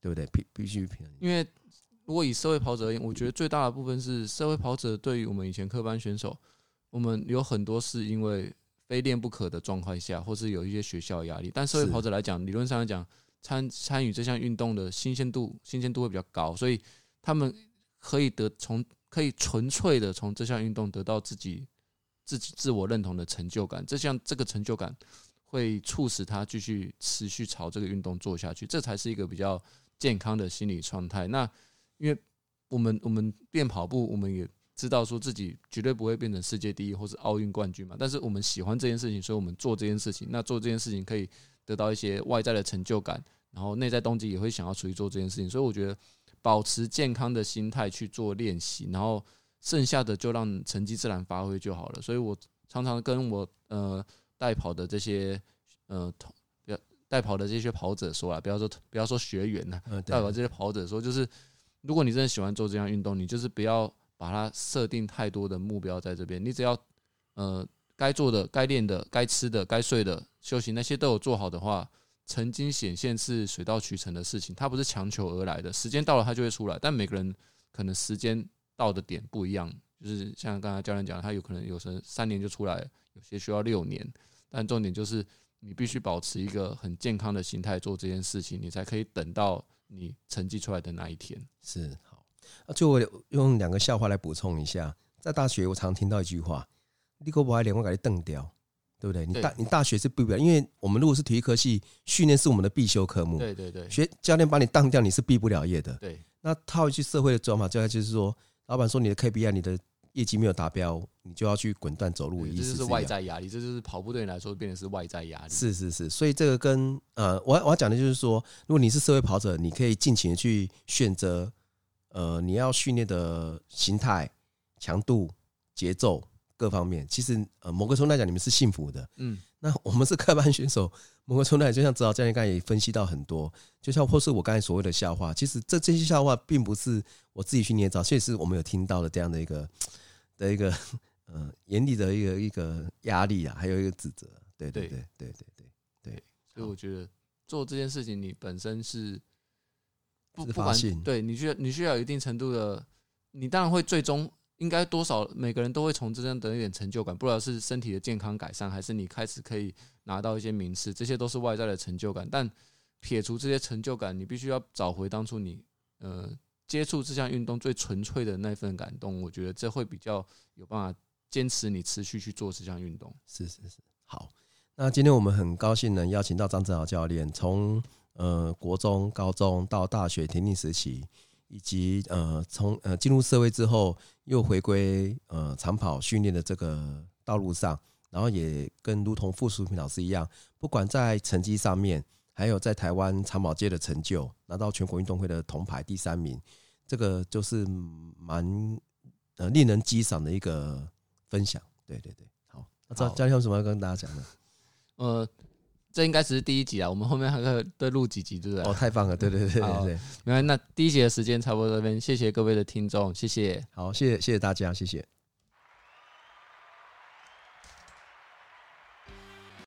Speaker 2: 對不對？必必須便
Speaker 1: 宜。因為如果以社會跑者而言，我覺得最大的部分是社會跑者對於我們以前科班選手，我們有很多是因為非練不可的狀態下，或是有一些學校壓力，但社會跑者來講，是理論上來講參參與這項運動的新鮮度新鮮度會比較高，所以。他們可以得從可以純粹地從這項運動得到自己自己自我認同的成就感，這項這個成就感會促使他繼續持續朝這個運動做下去，這才是一個比較健康的心理狀態。那因為我們我們練跑步，我們也知道說自己絕對不會變成世界第一或是奧運冠軍嘛，但是我們喜歡這件事情，所以我們做這件事情。那做這件事情可以得到一些外在的成就感，然後內在動機也會想要出去做這件事情，所以我覺得。保持健康的心態去做練習，然後剩下的就讓成績自然發揮就好了。所以我常常跟我呃帶跑的這些呃比帶跑的這些跑者說啊，不要說不要說學員吶，帶、嗯、跑這些跑者說，就是如果你真的喜歡做這項運動，你就是不要把它設定太多的目標在這邊，你只要呃該做的、該練的、該吃的、該睡的、休息那些都有做好的話。成績顯現是水到渠成的事情，它不是強求而來的，時間到了它就會出來。但每個人可能時間到的點不一樣，就是像剛才教練講，他有可能有時三年就出來，有些需要六年。但重點就是你必須保持一個很健康的心態做這件事情，你才可以等到你成績出來的那一天。是，好。
Speaker 2: 最後用兩個笑話來補充一下，在大學我常聽到一句話：“你可不可以連我給你瞪掉。”對不對？你大對你大學是畢不了，因為我們如果是體育科系，訓練是我們的必修科目。對對對，學教練把你當掉，你是畢不了業的。對，那套一句社會的轉法，主要就是說，老闆說你的 KPI，你的業績沒有達標，你就要去滾蛋走路。也就是外在
Speaker 1: 壓力，這就是跑步對你來說變成是外在壓力。是
Speaker 2: 是是，所以這個跟呃，我我要講的就是說，如果你是社會跑者，你可以盡情的去選擇，呃，你要訓練的形態、強度、節奏。各方面其實，呃，某個層面來講，你們是幸福的，嗯。那我們是科班選手，某個層面就像指導教練剛才也分析到很多，就像或是我剛才所謂的笑話，其實這這些笑話並不是我自己去捏造，這也是我們有聽到的這樣的一個的一個，呃，眼底的一個一個壓力啊，還有一個指責，對對對對，對對
Speaker 1: 對，對，對，對，對，所以我覺得做這件事情，你本身是不是發不，不管，對，你需要，你需要有一定程度的，你當然會最終。應該多少每個人都會從這樣得一點成就感，不管是身體的健康改善，還是你開始可以拿到一些名次，這些都是外在的成就感。但撇除這些成就感，你必須要找回當初你呃接觸這項運動最純粹的那份感動。我覺得這會比較有辦法堅持你持續去做這項運動。是是是，好。
Speaker 2: 那今天我們很高興能邀請到張子豪教練，從呃國中、高中到大學田徑時期。以及呃，從呃進入社會之後，又回歸呃長跑訓練的這個道路上，然後也跟如同傅淑萍老師一樣，不管在成績上面，還有在台灣長跑界的成就，拿到全國運動會的銅牌第三名，這個就是蠻呃令人激賞的一個分享。對對對，好，那張好、啊、教練有，有什麼要跟大家講的？
Speaker 1: 呃。這應該只是第一集啊，我們後面還會再錄幾集，對不對？哦，太棒了，對對對好對對。沒關係，那第一集的時間差不多這邊，謝謝各位的聽眾，謝謝，好，謝謝謝謝大家，謝謝。